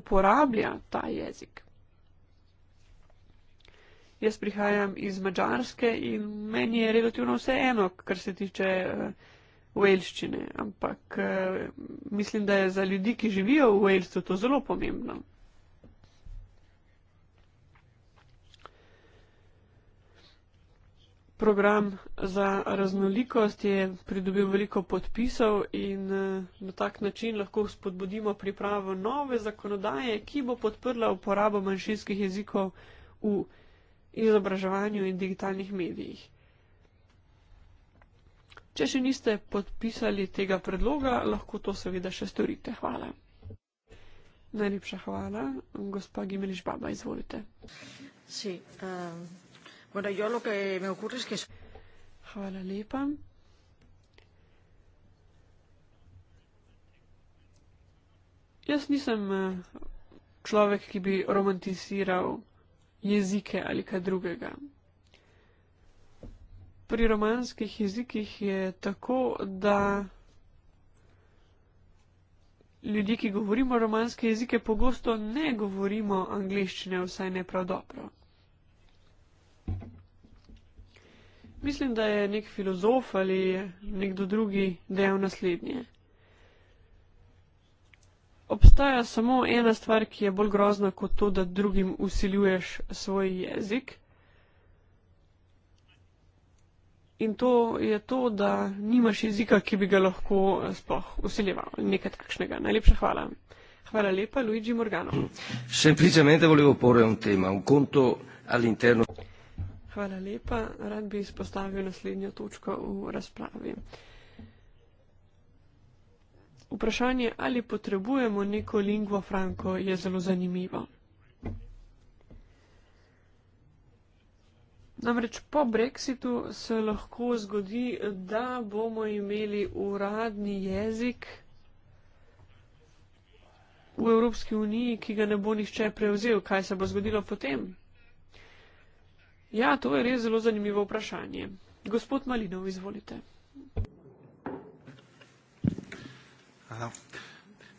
uporablja ta jezik. Jaz prihajam iz Mačarske in meni je relativno vse eno, kar se tiče uh, Velščine, ampak uh, mislim, da je za ljudi, ki živijo v Velsku, to zelo pomembno. program za raznolikost je pridobil veliko podpisov in eh, na tak način lahko spodbudimo pripravo nove zakonodaje, ki bo podprla uporabo manjšinskih jezikov v izobraževanju in digitalnih medijih. Če še niste podpisali tega predloga, lahko to seveda še storite. Hvala. Najlepša hvala. Gospa Gimeliš Baba, izvolite. Sí, um... Bueno, yo lo que me ocurre es que... Hvala lepa. Jaz nisem eh, človek, ki bi romantiziral jezike ali kaj drugega. Pri romanskih jezikih je tako, da ljudje, ki govorimo romanske jezike, pogosto ne govorimo angliščine, vsaj ne prav dobro. Mislim, da je nek filozof ali nekdo drugi dejal naslednje. Obstaja samo ena stvar, ki je bolj grozna kot to, da drugim usiljuješ svoj jezik. In to je to, da nimaš jezika, ki bi ga lahko eh, sploh usiljeval. Nekaj takšnega. Najlepša hvala. Hvala lepa, Luigi Morgano. *clears throat* Semplicemente volevo porre un tema, un conto all'interno. Hvala lepa. Rad bi izpostavil naslednjo točko v razpravi. Vprašanje, ali potrebujemo neko lingvo franko, je zelo zanimivo. Namreč po brexitu se lahko zgodi, da bomo imeli uradni jezik v Evropski uniji, ki ga ne bo nihče prevzel. Kaj se bo zgodilo potem? Ja, to je res zelo zanimivo vprašanje. Gospod Malinov, izvolite.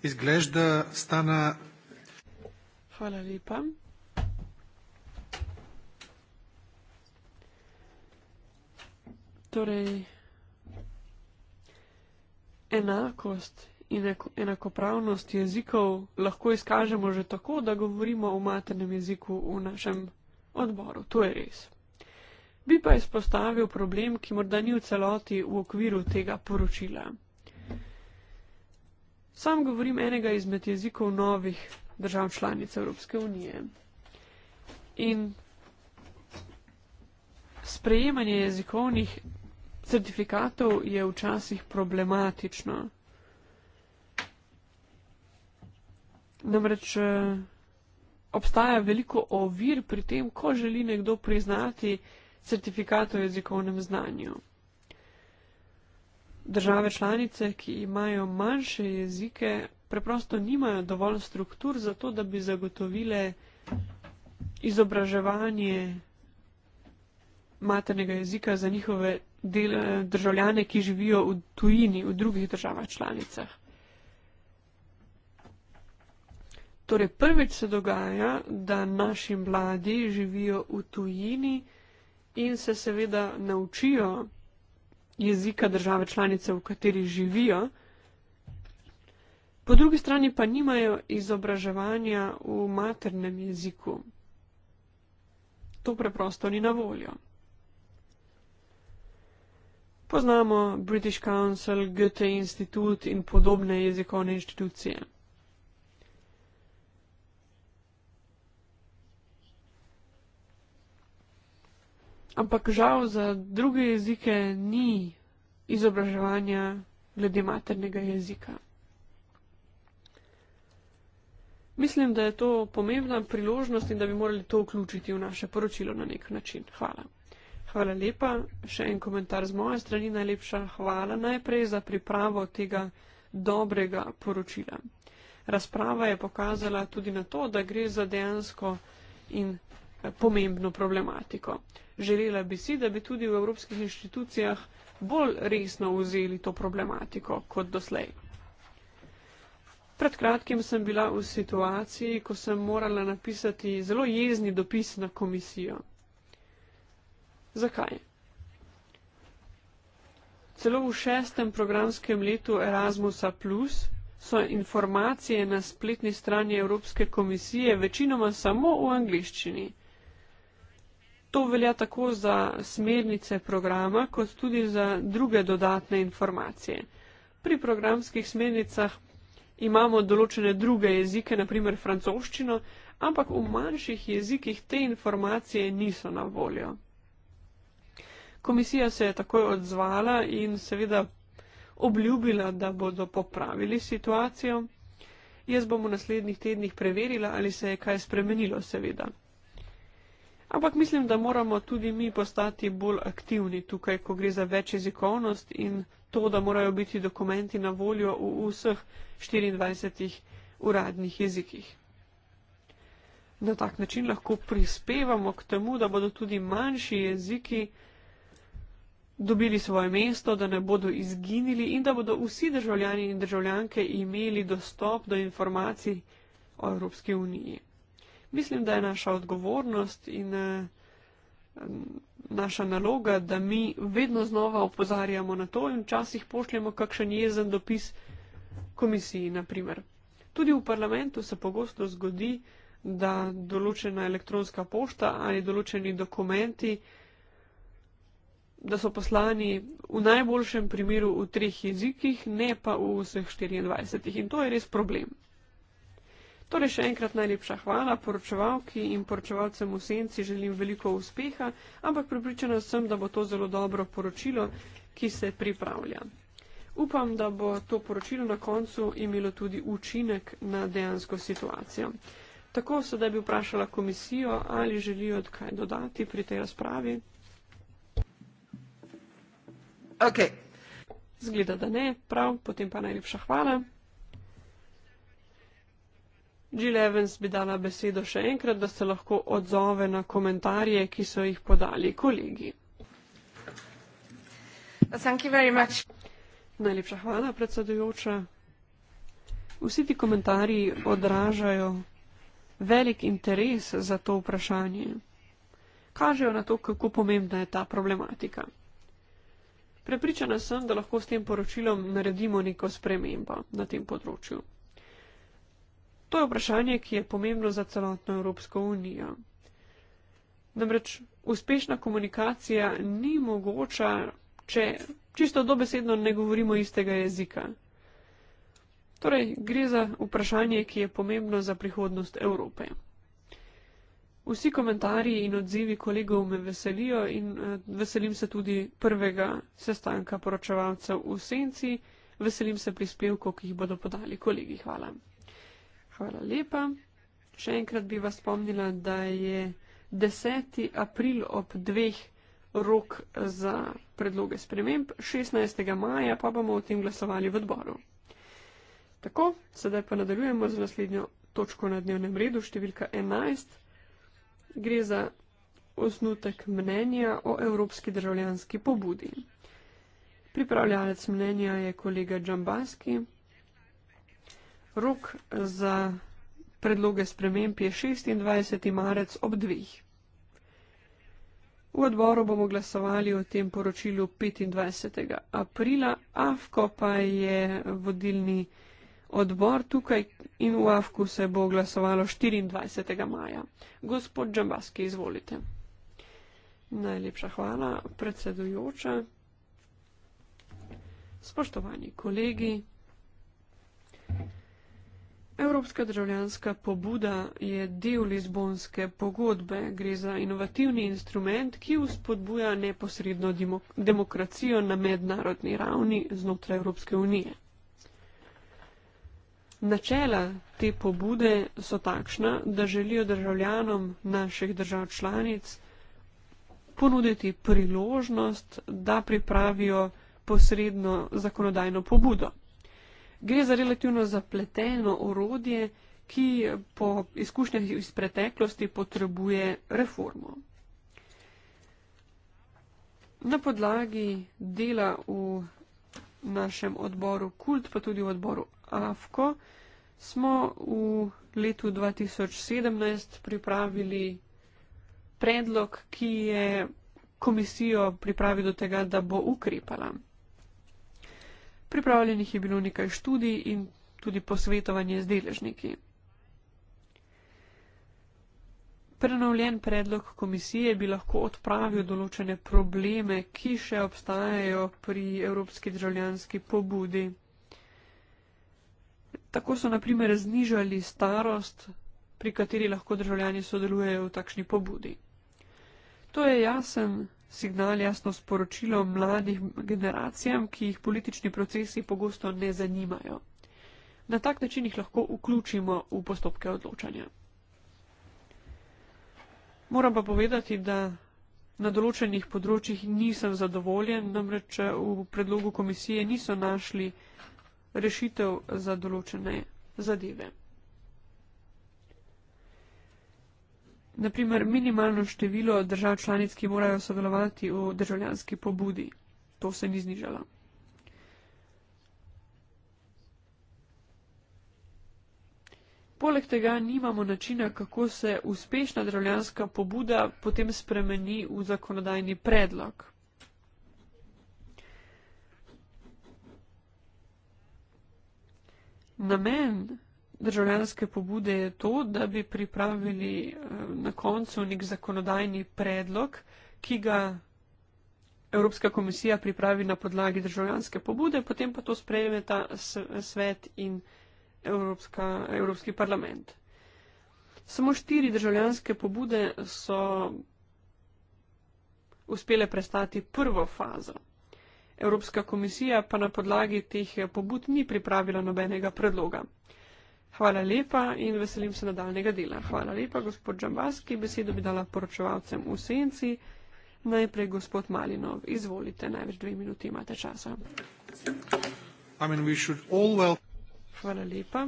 Izgledaš, da sta na. Hvala lepa. Torej, enakost in enakopravnost jezikov lahko izkažemo že tako, da govorimo o maternem jeziku v našem odboru, to je res. Bi pa izpostavil problem, ki morda ni v celoti v okviru tega poročila. Sam govorim enega izmed jezikov novih držav članic Evropske unije. In sprejemanje jezikovnih certifikatov je včasih problematično. Namreč eh, obstaja veliko ovir pri tem, ko želi nekdo priznati certifikat o jezikovnem znanju. Države članice, ki imajo manjše jezike, preprosto nimajo dovolj struktur za to, da bi zagotovile izobraževanje maternega jezika za njihove del, državljane, ki živijo v tujini, v drugih državah članicah. Torej, prvič se dogaja, da naši mladi živijo v tujini in se seveda naučijo jezika države članice, v kateri živijo. Po drugi strani pa nimajo izobraževanja v maternem jeziku. To preprosto ni na voljo. Poznamo British Council, Goethe Institute in podobne jezikovne inštitucije. ampak žal za druge jezike ni izobraževanja glede maternega jezika. Mislim, da je to pomembna priložnost in da bi morali to vključiti v naše poročilo na nek način. Hvala. Hvala lepa. Še en komentar z moje strani. Najlepša hvala najprej za pripravo tega dobrega poročila. Razprava je pokazala tudi na to, da gre za dejansko in pomembno problematiko. Želela bi si, da bi tudi v evropskih inštitucijah bolj resno vzeli to problematiko kot doslej. Pred kratkim sem bila v situaciji, ko sem morala napisati zelo jezni dopis na komisijo. Zakaj? Celo v šestem programskem letu Erasmusa Plus so informacije na spletni strani Evropske komisije večinoma samo v angliščini. To velja tako za smernice programa, kot tudi za druge dodatne informacije. Pri programskih smernicah imamo določene druge jezike, naprimer francoščino, ampak v manjših jezikih te informacije niso na voljo. Komisija se je takoj odzvala in seveda obljubila, da bodo popravili situacijo. Jaz bom v naslednjih tednih preverila, ali se je kaj spremenilo, seveda. Ampak mislim, da moramo tudi mi postati bolj aktivni tukaj, ko gre za več jezikovnost in to, da morajo biti dokumenti na voljo v vseh 24 uradnih jezikih. Na tak način lahko prispevamo k temu, da bodo tudi manjši jeziki dobili svoje mesto, da ne bodo izginili in da bodo vsi državljani in državljanke imeli dostop do informacij o Evropski uniji mislim, da je naša odgovornost in eh, naša naloga, da mi vedno znova opozarjamo na to in včasih pošljemo kakšen jezen dopis komisiji, naprimer. Tudi v parlamentu se pogosto zgodi, da določena elektronska pošta ali določeni dokumenti, da so poslani v najboljšem primeru v treh jezikih, ne pa v vseh 24. In to je res problem. Torej še enkrat najlepša hvala poročevalki in poročevalcem v senci, želim veliko uspeha, ampak pripričana sem, da bo to zelo dobro poročilo, ki se pripravlja. Upam, da bo to poročilo na koncu imelo tudi učinek na dejansko situacijo. Tako sedaj bi vprašala komisijo, ali želijo kaj dodati pri tej razpravi. Okay. Zgleda, da ne, prav, potem pa najlepša hvala. Jill Evans bi dala besedo še enkrat, da se lahko odzove na komentarje, ki so jih podali kolegi. Najlepša hvala, predsedujoča. Vsi ti komentarji odražajo velik interes za to vprašanje. Kažejo na to, kako pomembna je ta problematika. Prepričana sem, da lahko s tem poročilom naredimo neko spremembo na tem področju. To je vprašanje, ki je pomembno za celotno Evropsko unijo. Namreč uspešna komunikacija ni mogoča, če čisto dobesedno ne govorimo istega jezika. Torej, gre za vprašanje, ki je pomembno za prihodnost Evrope. Vsi komentarji in odzivi kolegov me veselijo in eh, veselim se tudi prvega sestanka poročevalcev v Senci, veselim se prispevkov, ki jih bodo podali kolegi. Hvala. Hvala lepa. Še enkrat bi vas spomnila, da je 10. april ob dveh rok za predloge sprememb, 16. maja pa bomo o tem glasovali v odboru. Tako, sedaj pa nadaljujemo z naslednjo točko na dnevnem redu, številka 11. Gre za osnutek mnenja o evropski državljanski pobudi. Pripravljalec mnenja je kolega Džambaski. Rok za predloge sprememb je 26. marec ob dveh. V odboru bomo glasovali o tem poročilu 25. aprila. AFKO pa je vodilni odbor tukaj in v AFKO se bo glasovalo 24. maja. Gospod Džambaski, izvolite. Najlepša hvala, predsedujoča. Spoštovani kolegi. Evropska državljanska pobuda je del Lizbonske pogodbe. Gre za inovativni instrument, ki vzpodbuja neposredno demokracijo na mednarodni ravni znotraj Evropske unije. Načela te pobude so takšna, da želijo državljanom naših držav članic ponuditi priložnost, da pripravijo posredno zakonodajno pobudo. Gre za relativno zapleteno orodje, ki po izkušnjah iz preteklosti potrebuje reformo. Na podlagi dela v našem odboru Kult, pa tudi v odboru AFKO, smo v letu 2017 pripravili predlog, ki je komisijo pripravil do tega, da bo ukrepala pripravljenih je bilo nekaj študij in tudi posvetovanje z deležniki. Prenovljen predlog komisije bi lahko odpravil določene probleme, ki še obstajajo pri evropski državljanski pobudi. Tako so naprimer znižali starost, pri kateri lahko državljani sodelujejo v takšni pobudi. To je jasen signal, jasno sporočilo mladih generacijam, ki jih politični procesi pogosto ne zanimajo. Na tak način jih lahko vključimo v postopke odločanja. Moram pa povedati, da na določenih področjih nisem zadovoljen, namreč v predlogu komisije niso našli rešitev za določene zadeve. naprimer minimalno število držav članic, ki morajo sodelovati v državljanski pobudi. To se ni znižalo. Poleg tega nimamo načina, kako se uspešna državljanska pobuda potem spremeni v zakonodajni predlog. Namen državljanske pobude je to, da bi pripravili eh, na koncu nek zakonodajni predlog, ki ga Evropska komisija pripravi na podlagi državljanske pobude, potem pa to sprejme ta svet in Evropska, Evropski parlament. Samo štiri državljanske pobude so uspele prestati prvo fazo. Evropska komisija pa na podlagi teh pobud ni pripravila nobenega predloga. Hvala lepa in veselim se nadaljnega dela. Hvala lepa, gospod Džambaski. Besedo bi dala poročevalcem v senci. Najprej gospod Malinov, izvolite, največ dve minuti imate časa. I mean, well... Hvala lepa.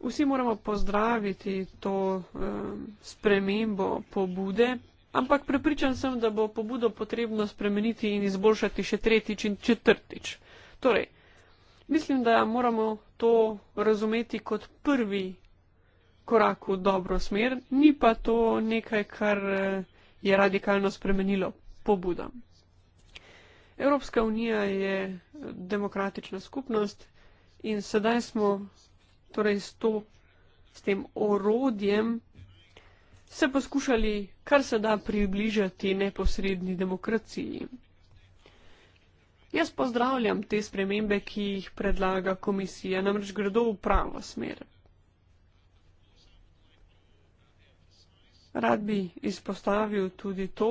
Vsi moramo pozdraviti to um, spremembo pobude, ampak prepričan sem, da bo pobudo potrebno spremeniti in izboljšati še tretjič in četrtič. Torej, mislim, da moramo to razumeti kot prvi korak v dobro smer, ni pa to nekaj, kar eh, je radikalno spremenilo pobuda. Evropska unija je eh, demokratična skupnost in sedaj smo torej s, to, s tem orodjem se poskušali kar se da približati neposredni demokraciji. Jaz pozdravljam te spremembe, ki jih predlaga komisija, namreč gredo v pravo smer. Rad bi izpostavil tudi to,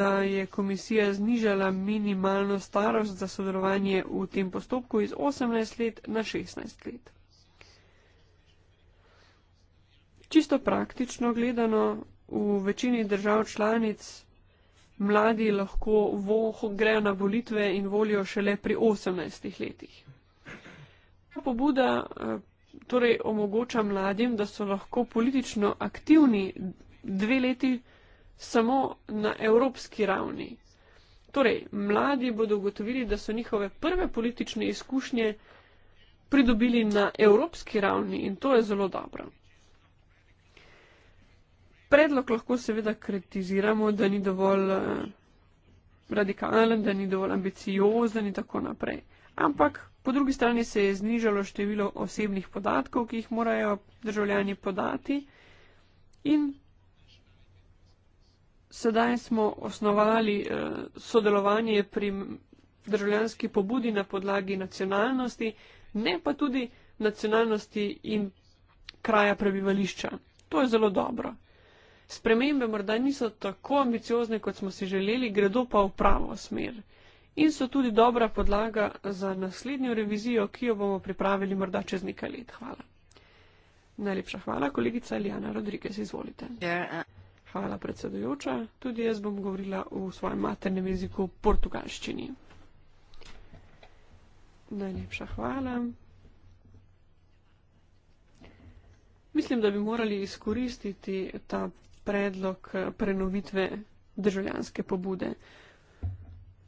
da je komisija znižala minimalno starost za sodelovanje v tem postopku iz 18 let na 16 let. Čisto praktično gledano, v večini držav članic mladi lahko vo, grejo na volitve in volijo šele pri 18 letih. Ta pobuda eh, torej omogoča mladim, da so lahko politično aktivni dve leti samo na evropski ravni. Torej, mladi bodo ugotovili, da so njihove prve politične izkušnje pridobili na evropski ravni in to je zelo dobro predlog lahko seveda kritiziramo, da ni dovolj eh, radikalen, da ni dovolj ambiciozen in tako naprej. Ampak po drugi strani se je znižalo število osebnih podatkov, ki jih morajo državljani podati in sedaj smo osnovali eh, sodelovanje pri državljanski pobudi na podlagi nacionalnosti, ne pa tudi nacionalnosti in kraja prebivališča. To je zelo dobro. Spremembe morda niso tako ambiciozne, kot smo si želeli, gredo pa v pravo smer. In so tudi dobra podlaga za naslednjo revizijo, ki jo bomo pripravili morda čez nekaj let. Hvala. Najlepša hvala, kolegica Eliana Rodrigues, izvolite. Hvala, predsedujoča. Tudi jaz bom govorila v svojem maternem jeziku portugalščini. Najlepša hvala. Mislim, da bi morali izkoristiti ta predlog eh, prenovitve državljanske pobude.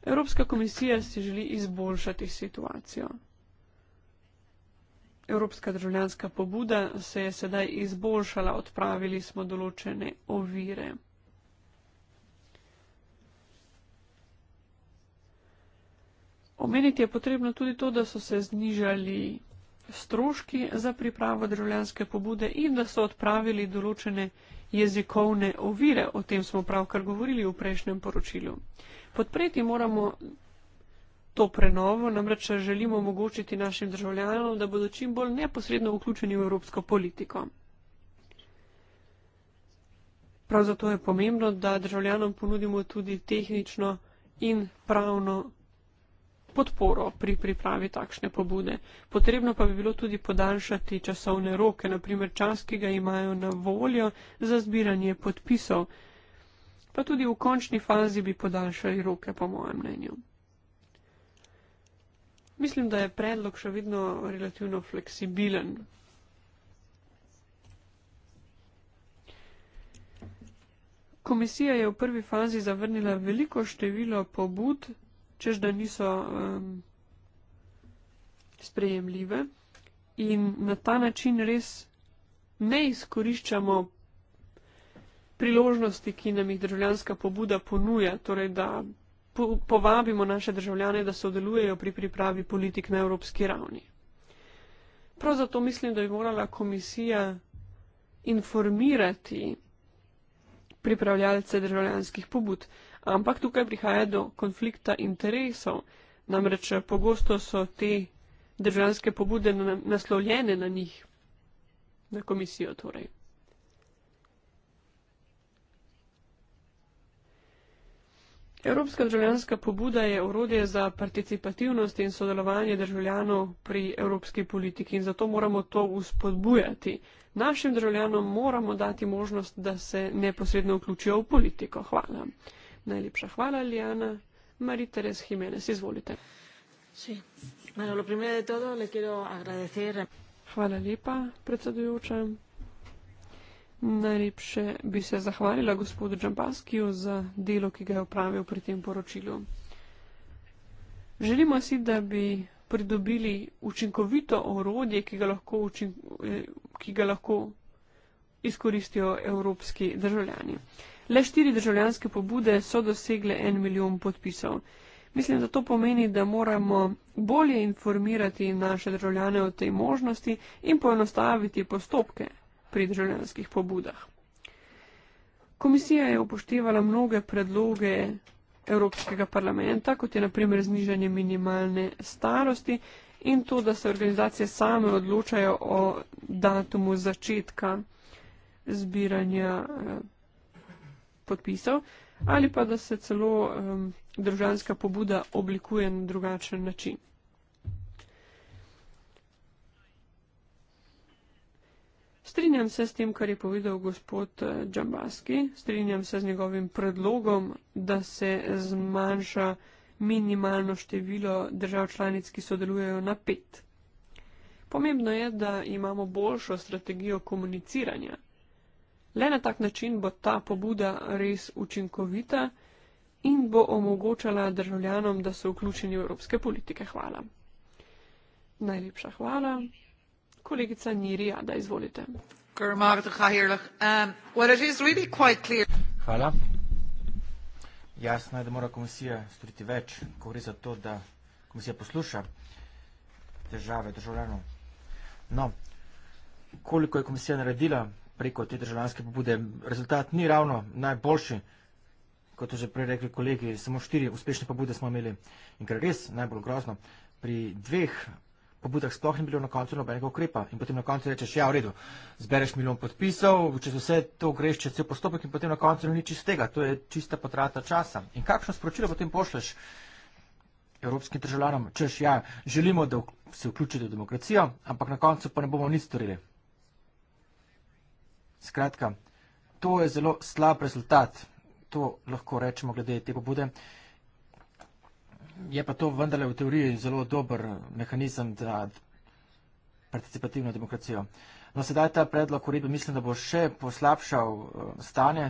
Evropska komisija si želi izboljšati situacijo. Evropska državljanska pobuda se je sedaj izboljšala, odpravili smo določene ovire. Omeniti je potrebno tudi to, da so se znižali stroški za pripravo državljanske pobude in da so odpravili določene ovire jezikovne ovire, o tem smo pravkar govorili v prejšnjem poročilu. Podpreti moramo to prenovo, namreč želimo omogočiti našim državljanom, da bodo čim bolj neposredno vključeni v evropsko politiko. Prav zato je pomembno, da državljanom ponudimo tudi tehnično in pravno podporo pri pripravi takšne pobude. Potrebno pa bi bilo tudi podaljšati časovne roke, naprimer čas, ki ga imajo na voljo za zbiranje podpisov. Pa tudi v končni fazi bi podaljšali roke, po mojem mnenju. Mislim, da je predlog še vedno relativno fleksibilen. Komisija je v prvi fazi zavrnila veliko število pobud češ da niso um, sprejemljive. In na ta način res ne izkoriščamo priložnosti, ki nam jih državljanska pobuda ponuja, torej da po povabimo naše državljane, da sodelujejo pri pripravi politik na evropski ravni. Prav zato mislim, da je morala komisija informirati pripravljalce državljanskih pobud ampak tukaj prihaja do konflikta interesov. Namreč eh, pogosto so te državljanske pobude naslovljene na njih, na komisijo torej. Evropska državljanska pobuda je urodje za participativnost in sodelovanje državljanov pri evropski politiki in zato moramo to uspodbujati. Našim državljanom moramo dati možnost, da se neposredno vključijo v politiko. Hvala. Najlepša hvala, Liana. Mari Teres Jiménez, izvolite. Sí. Bueno, lo primero de todo le quiero agradecer. Hvala lepa, predsedujoča. Najlepše bi se zahvalila gospodu Džambaskiju za delo, ki ga je upravil pri tem poročilu. Želimo si, da bi pridobili učinkovito orodje, ki ga lahko, učink, eh, ki ga lahko izkoristijo evropski državljani. Le štiri državljanske pobude so dosegle en milijon podpisov. Mislim, da to pomeni, da moramo bolje informirati naše državljane o tej možnosti in poenostaviti postopke pri državljanskih pobudah. Komisija je upoštevala mnoge predloge Evropskega parlamenta, kot je naprimer znižanje minimalne starosti in to, da se organizacije same odločajo o datumu začetka zbiranja eh, podpisal, ali pa da se celo um, državljanska pobuda oblikuje na drugačen način. Strinjam se s tem, kar je povedal gospod eh, Džambaski, strinjam se z njegovim predlogom, da se zmanjša minimalno število držav članic, ki sodelujejo na pet. Pomembno je, da imamo boljšo strategijo komuniciranja. Le na tak način bo ta pobuda res učinkovita in bo omogočala državljanom, da so vključeni v evropske politike. Hvala. Najlepša hvala. Kolegica Nirija, da izvolite. Hvala. Jasno je, da mora komisija storiti več, ko gre za to, da komisija posluša države državljanov. No, koliko je komisija naredila preko te državljanske pobude. Rezultat ni ravno najboljši, kot so že prej rekli kolegi, samo štiri uspešne pobude smo imeli in kar je res najbolj grozno, pri dveh pobudah sploh ni bilo na koncu nobenega ukrepa in potem na koncu rečeš, ja, v redu, zbereš milijon podpisov, čez vse to greš, čez cel postopek in potem na koncu ni čist tega, to je čista potrata časa. In kakšno sporočilo potem pošleš evropskim državljanom, češ, ja, želimo, da se vključite v demokracijo, ampak na koncu pa ne bomo nič storili. Skratka, to je zelo slab rezultat, to lahko rečemo glede te pobude. Je pa to vendarle v teoriji zelo dober mehanizem za participativno demokracijo. No, sedaj ta predlog uredbe mislim, da bo še poslabšal eh, stanje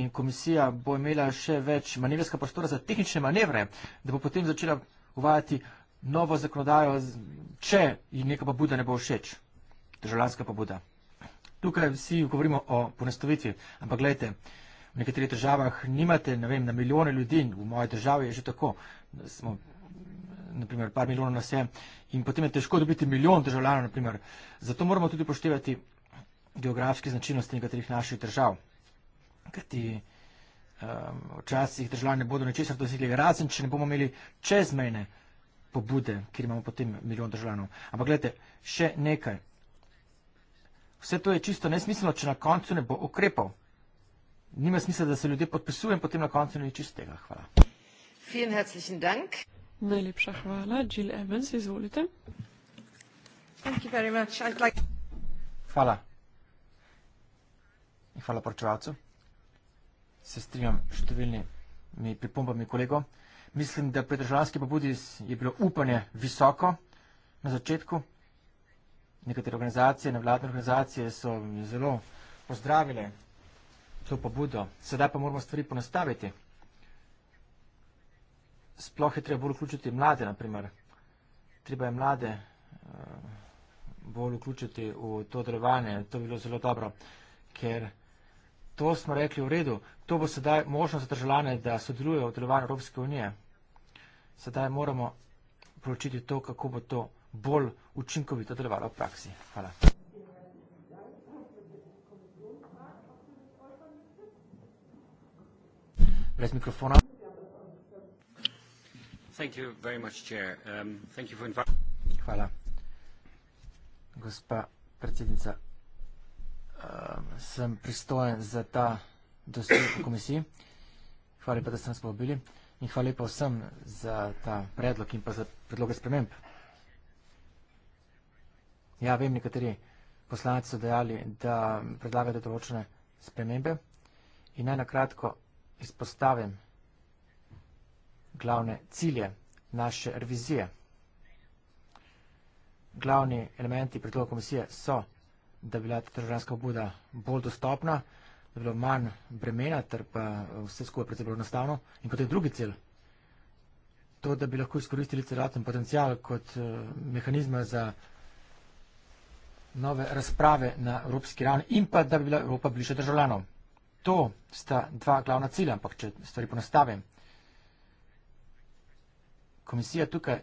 in komisija bo imela še več manevrskega prostora za tehnične manevre, da bo potem začela uvajati novo zakonodajo, če ji neka pobuda ne bo všeč, državljanska pobuda. Tukaj vsi govorimo o ponestovitvi, ampak gledajte, v nekaterih državah nimate, ne vem, na milijone ljudi, v moji državi je že tako, da smo naprimer par milijonov na vse in potem je težko dobiti milijon državljanov, naprimer. Zato moramo tudi poštevati geografske značilnosti nekaterih naših držav, kajti um, včasih državljani ne bodo nečesar dosegli, razen če ne bomo imeli čezmejne pobude, kjer imamo potem milijon državljanov. Ampak gledajte, še nekaj. Vse to je čisto nesmiselno, če na koncu ne bo ukrepov. Nima smisla, da se ljudje podpisujem, potem na koncu ni čist tega. Hvala. Najlepša hvala. Jill Evans, izvolite. Hvala. In hvala poročevalcu. Se strinjam številnimi pripombami kolego. Mislim, da pri državljanski pobudi je bilo upanje visoko na začetku nekatere organizacije, nevladne organizacije so zelo pozdravile to pobudo. Sedaj pa moramo stvari ponastaviti. Sploh je treba bolj vključiti mlade, naprimer. Treba je mlade eh, bolj vključiti v to delovanje. To bi bilo zelo dobro, ker to smo rekli v redu. To bo sedaj možnost za državljane, da sodelujejo v delovanju Evropske unije. Sedaj moramo proučiti to, kako bo to delovanje bolj učinkovito delovala v praksi. Hvala. Brez mikrofona. Um, hvala. Gospa predsednica, um, sem pristojen za ta dosledek v komisiji. Hvala lepa, da ste nas povabili in hvala lepa vsem za ta predlog in pa za predloge sprememb. Ja, vem, nekateri poslanci so dejali, da predlagate določene spremembe in naj nakratko izpostavim glavne cilje naše revizije. Glavni elementi predloga komisije so, da bi bila ta državljanska obuda bolj dostopna, da bi bilo manj bremena, ter pa vse skupaj predvsem bolj enostavno. In potem drugi cilj, to, da bi lahko izkoristili celoten potencial kot eh, mehanizma za nove razprave na evropski ravni in pa, da bi bila Evropa bliže državljanom. To sta dva glavna cilja, ampak če stvari ponastavim. Komisija tukaj,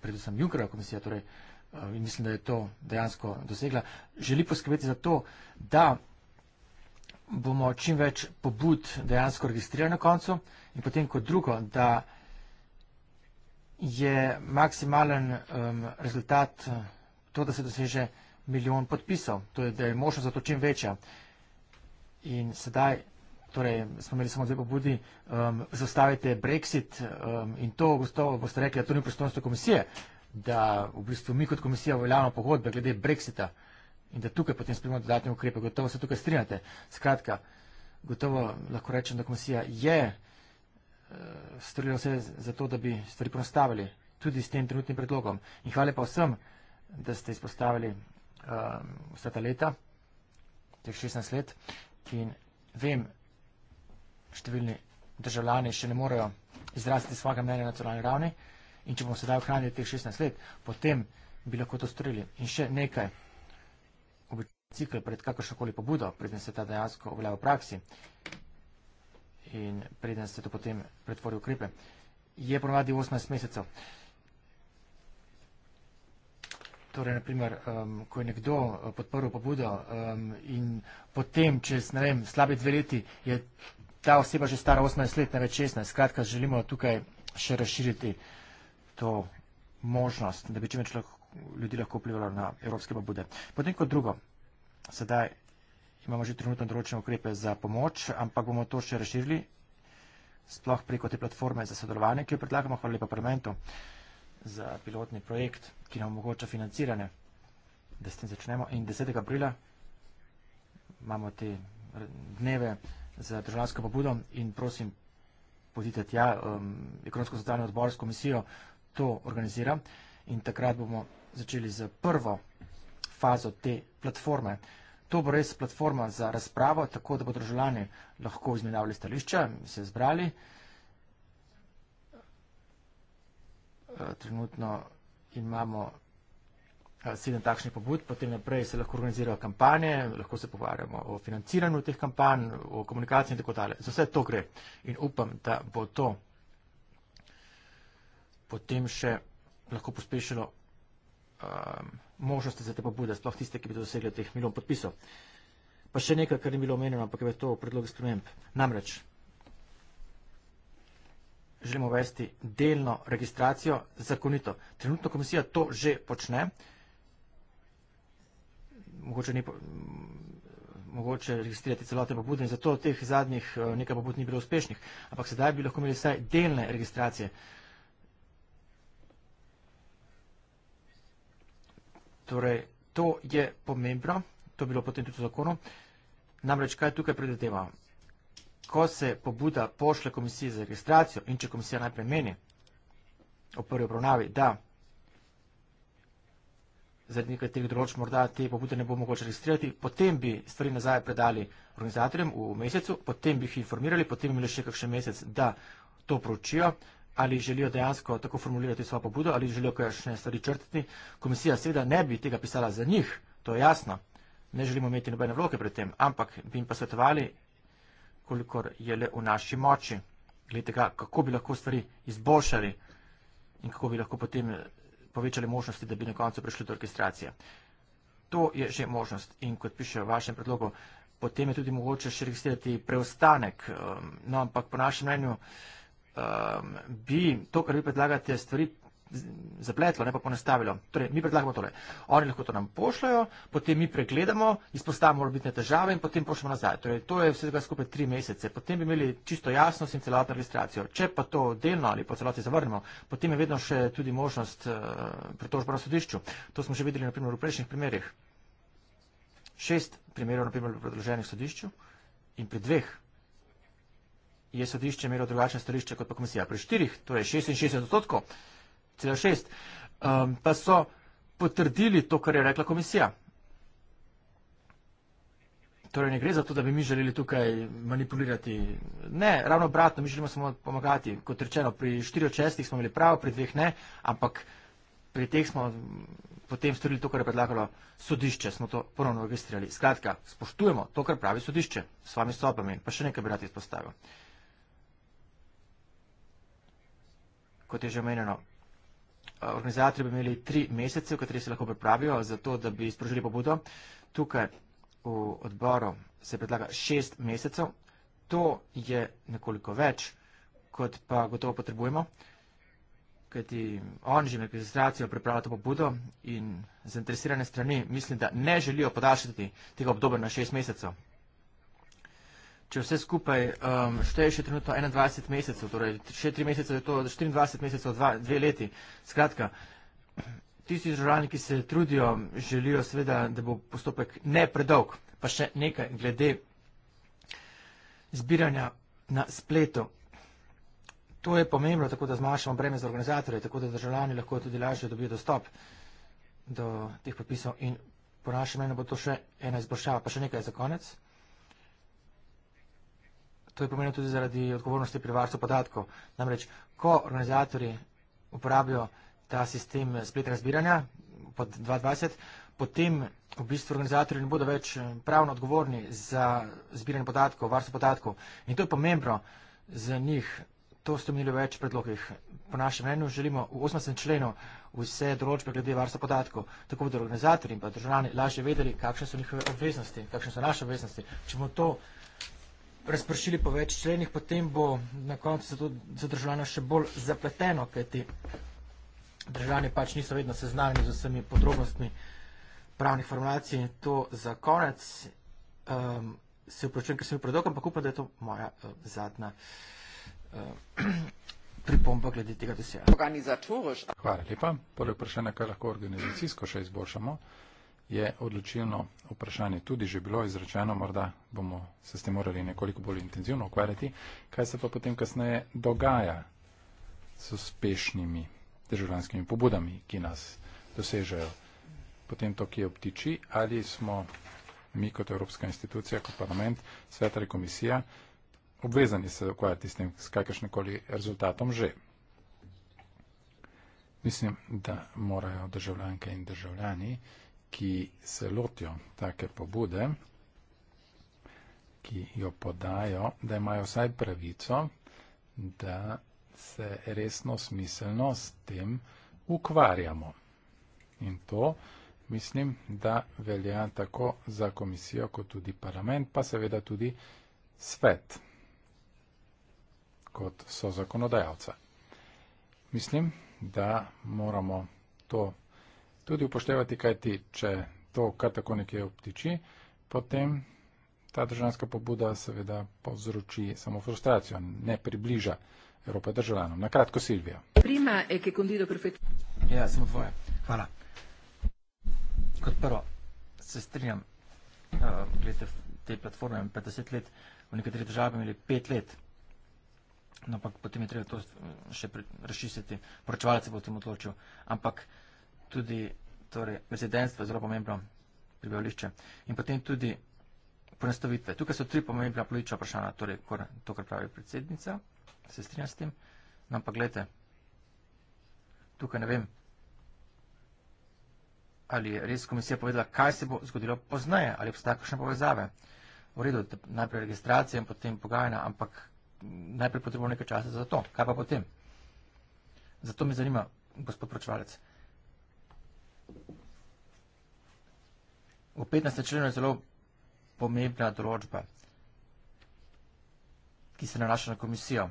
predvsem Junckerova komisija, torej, eh, in mislim, da je to dejansko dosegla, želi poskrbeti za to, da bomo čim več pobud dejansko registrirali na koncu in potem kot drugo, da je maksimalen um, rezultat eh, to, da se doseže milijon podpisov, to je, da je možnost za to čim večja. In sedaj, torej, smo imeli samo zdaj pobudi, um, zastavite Brexit um, in to, gostovo, boste rekli, da to ni pristojnost komisije, da v bistvu mi kot komisija uveljavljamo pogodbe glede Brexita in da tukaj potem sprejmemo dodatne ukrepe. Gotovo se tukaj strinjate. Skratka, gotovo lahko rečem, da komisija je uh, storila vse za to, da bi stvari prostavili tudi s tem trenutnim predlogom. In hvala pa vsem, da ste izpostavili uh, um, vse ta leta, teh 16 let. In vem, številni državljani še ne morejo izraziti svojega mnenja na nacionalni ravni. In če bomo sedaj ohranili teh 16 let, potem bi lahko to storili. In še nekaj, običajni cikl pred kakršnokoli pobudo, preden se ta dejansko uveljavi v praksi in preden se to potem pretvori v ukrepe, je ponovadi 18 mesecev. Uh, torej naprimer, um, ko je nekdo eh, podprl pobudo um, in potem, čez ne vem, slabe dve leti, je ta oseba že stara 18 let, ne več 16. Skratka, želimo tukaj še razširiti to možnost, da bi čim več ljudi lahko vplivalo na evropske pobude. Potem kot drugo, sedaj imamo že trenutno določene ukrepe za pomoč, ampak bomo to še razširili, sploh preko te platforme za sodelovanje, ki jo predlagamo, hvala lepa parlamentu. Uh, za pilotni projekt, ki nam omogoča financiranje. Da s tem začnemo. In 10. aprila imamo te eh, dneve za državansko pobudo in prosim, pozite tja, um, ekonomsko socialno odbor s komisijo to organizira in takrat bomo začeli z prvo fazo te platforme. To bo res platforma za razpravo, tako da bodo državljani lahko izmenjavali stališča, se zbrali. Eh, trenutno imamo eh, sedem takšnih pobud, potem naprej se lahko organizirajo kampanje, lahko se pogovarjamo o financiranju teh kampanj, o komunikaciji in tako dalje. Za vse to gre in upam, da bo to potem še lahko pospešilo um, možnosti za te pobude, sploh tiste, ki bi dosegli teh milijon podpisov. Pa še nekaj, kar ni bilo omenjeno, ampak je to predlog sprememb. Namreč želimo uvesti delno registracijo zakonito. Trenutno komisija to že počne. Mogoče, ni, mm, mogoče registrirati celotne pobude in zato teh zadnjih eh, nekaj pobud ni bilo uspešnih. Ampak sedaj bi lahko imeli vsaj delne registracije. Torej, to je pomembno, to je bilo potem tudi v zakonu. Namreč, kaj tukaj predvidevamo? ko se pobuda pošle komisiji za registracijo in če komisija najprej meni o prvi obravnavi, da zaradi nekaj teh določ morda te pobude ne bo mogoče registrirati, potem bi stvari nazaj predali organizatorjem v mesecu, potem bi jih informirali, potem imeli še kakšen mesec, da to proučijo, ali želijo dejansko tako formulirati svojo pobudo, ali želijo kakšne stvari črtiti. Komisija seveda ne bi tega pisala za njih, to je jasno. Ne želimo imeti nobene vloge pred tem, ampak bi jim pa svetovali, kolikor je le v naši moči. Glede tega, kako bi lahko stvari izboljšali in kako bi lahko potem eh, povečali možnosti, da bi na koncu prišli do registracije. To je že možnost in kot piše v vašem predlogu, potem je tudi mogoče še registrirati preostanek. Eh, no, ampak po našem mnenju um, bi to, kar vi predlagate, stvari zapletlo, ne pa ponestavilo. Torej, mi predlagamo tole. Oni lahko to nam pošljajo, potem mi pregledamo, izpostavimo morbitne težave in potem pošljemo nazaj. Torej, to je vsega skupaj tri mesece. Potem bi imeli čisto jasnost in celotno registracijo. Če pa to delno ali po celoti zavrnemo, potem je vedno še tudi možnost eh, pritožbe na sodišču. To smo že videli naprimer v prejšnjih primerjih. Šest primerov naprimer v predloženih sodišču in pri dveh je sodišče imelo drugačne stališče kot pa komisija. Pri štirih, to je 66 odstotkov, 2,6, ehm, pa so potrdili to, kar je rekla komisija. Torej ne gre za to, da bi mi želeli tukaj manipulirati. Ne, ravno obratno, mi želimo samo pomagati. Kot rečeno, pri 4 od 6 smo imeli pravo, pri 2 ne, ampak pri teh smo potem storili to, kar je predlagalo sodišče, smo to ponovno registrirali. Skratka, spoštujemo to, kar pravi sodišče s vami sobami. Pa še nekaj bi rad izpostavil. Kot je že omenjeno, organizatorji bi imeli tri mesece, v kateri se lahko pripravijo za to, da bi sprožili pobudo. Tukaj v odboru se predlaga šest mesecev. To je nekoliko več, kot pa gotovo potrebujemo, kajti on že med registracijo pripravlja to pobudo in zainteresirane strani mislim, da ne želijo podaljšati tega obdobja na šest mesecev. Če vse skupaj um, šteješ, je trenutno 21 mesecev, torej še 3 mesece, je to 24 mesecev, 2 leti. Skratka, tisti državljani, ki se trudijo, želijo seveda, da bo postopek ne predolg. Pa še nekaj glede zbiranja na spletu. To je pomembno, tako da zmanjšamo breme za organizatorje, tako da državljani lahko tudi lažje dobijo dostop do teh popisov in po našem mnenju bo to še ena izboljšava. Pa še nekaj za konec. To je pomembno tudi zaradi odgovornosti pri varstvu podatkov. Namreč, ko organizatori uporabljajo ta sistem spletnega zbiranja pod 2020, potem v bistvu organizatorji ne bodo več eh, pravno odgovorni za zbiranje podatkov, varstvo podatkov. In to je pomembno za njih. To ste omenili v več predlogih. Po našem mnenju želimo v 80 členov vse določbe glede varstva podatkov, tako bodo organizatorji in pa državljani lažje vedeli, kakšne so njihove obveznosti, kakšne so naše obveznosti. Če bomo to razpršili po več členih, potem bo na koncu to zadržavljanje še bolj zapleteno, kajti državljani pač niso vedno seznanjeni z vsemi podrobnostmi pravnih formulacij. To za konec um, se upravičujem, ker sem bil predolg, ampak upam, da je to moja uh, zadnja uh, *clears throat* pripomba glede tega dosega. Hvala lepa. Poleg vprašanja, kaj lahko organizacijsko še izboljšamo je odločilno vprašanje tudi že bilo izrečeno, morda bomo se s tem morali nekoliko bolj intenzivno ukvarjati, kaj se pa potem kasneje dogaja s uspešnimi državljanskimi pobudami, ki nas dosežejo. Potem to, ki je obtiči, ali smo mi kot Evropska institucija, kot parlament, svet ali komisija, obvezani se ukvarjati s tem, s kakršnekoli rezultatom že. Mislim, da morajo državljanke in državljani ki se lotijo take pobude, ki jo podajo, da imajo vsaj pravico, da se resno smiselno s tem ukvarjamo. In to mislim, da velja tako za komisijo, kot tudi parlament, pa seveda tudi svet, kot so zakonodajalca. Mislim, da moramo to tudi upoštevati, kaj ti, če to kar tako nekje obtiči, potem ta državljanska pobuda seveda povzroči samo frustracijo, ne približa Evrope državljanom. Na kratko, Silvija. Prima, e che condido perfetto. Ja, samo dvoje. Hvala. Kot prvo, se strinjam, uh, eh, gledajte, te platforme 50 let, v nekaterih državah imeli 5 let. No, ampak potem je treba to še razčistiti. Poročevalce bo o tem odločil. Ampak uh, tudi torej, rezidentstvo, zelo pomembno prebivališče in potem tudi ponastavitve. Tukaj so tri pomembna politična vprašanja, torej kor, to, kar pravi predsednica, se strinjam s tem, no pa gledajte, tukaj ne vem, ali je res komisija povedala, kaj se bo zgodilo poznaje, ali obstaja kakšne povezave. V redu, najprej registracija in potem pogajanja, ampak najprej potrebujemo nekaj časa za to. Kaj pa potem? Zato me zanima, gospod pročvalec, V 15. členu je zelo pomembna določba, ki se nanaša na komisijo.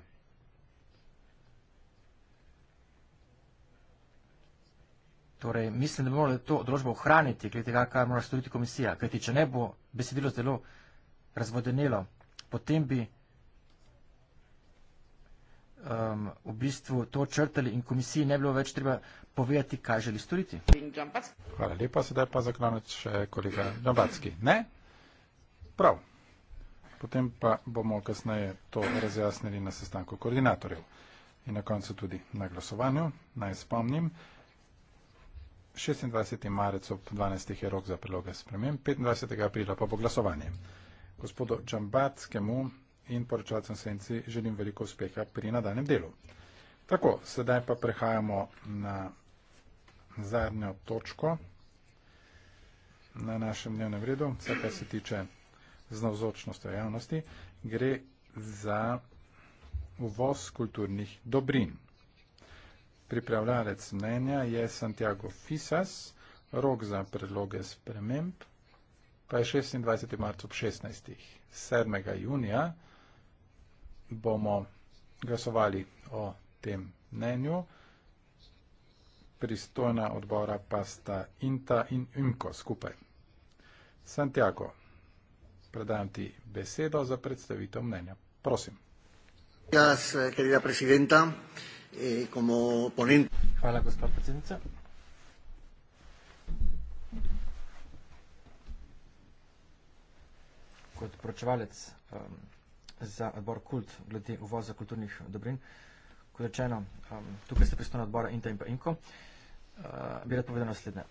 Torej, mislim, da bi morali to odrožbo ohraniti, glede tega, kaj mora storiti komisija. Kajti, če ne bo besedilo zelo razvodenelo, potem bi um, v bistvu to črtali in komisiji ne bilo več treba povedati, kaj želi storiti. Hvala lepa, sedaj pa za konec še kolega Dombacki. Ne? Prav. Potem pa bomo kasneje to razjasnili na sestanku koordinatorjev in na koncu tudi na glasovanju. Naj spomnim, 26. marec ob 12. je rok za priloge sprememb, 25. aprila pa bo glasovanje. Gospodu Džambackemu in poročalcem Senci želim veliko uspeha pri nadaljem delu. Tako, sedaj pa prehajamo na zadnjo točko na našem dnevnem redu, vse kar se tiče z navzočnostjo javnosti, gre za uvoz kulturnih dobrin. Pripravljalec mnenja je Santiago Fisas, rok za predloge sprememb, pa je 26. marcu ob 16. 7. junija bomo glasovali o tem mnenju. Pristojna odbora pa sta INTA in IMKO skupaj. Santiago, predajam ti besedo za predstavitev mnenja. Prosim. Eh, Hvala, gospa predsednica. Kot poročevalec za odbor Kult glede uvoza kulturnih dobrin. Kot rečeno, um, tukaj ste pristojni odbora Inta in pa Inko. Uh, bi rad povedal naslednje.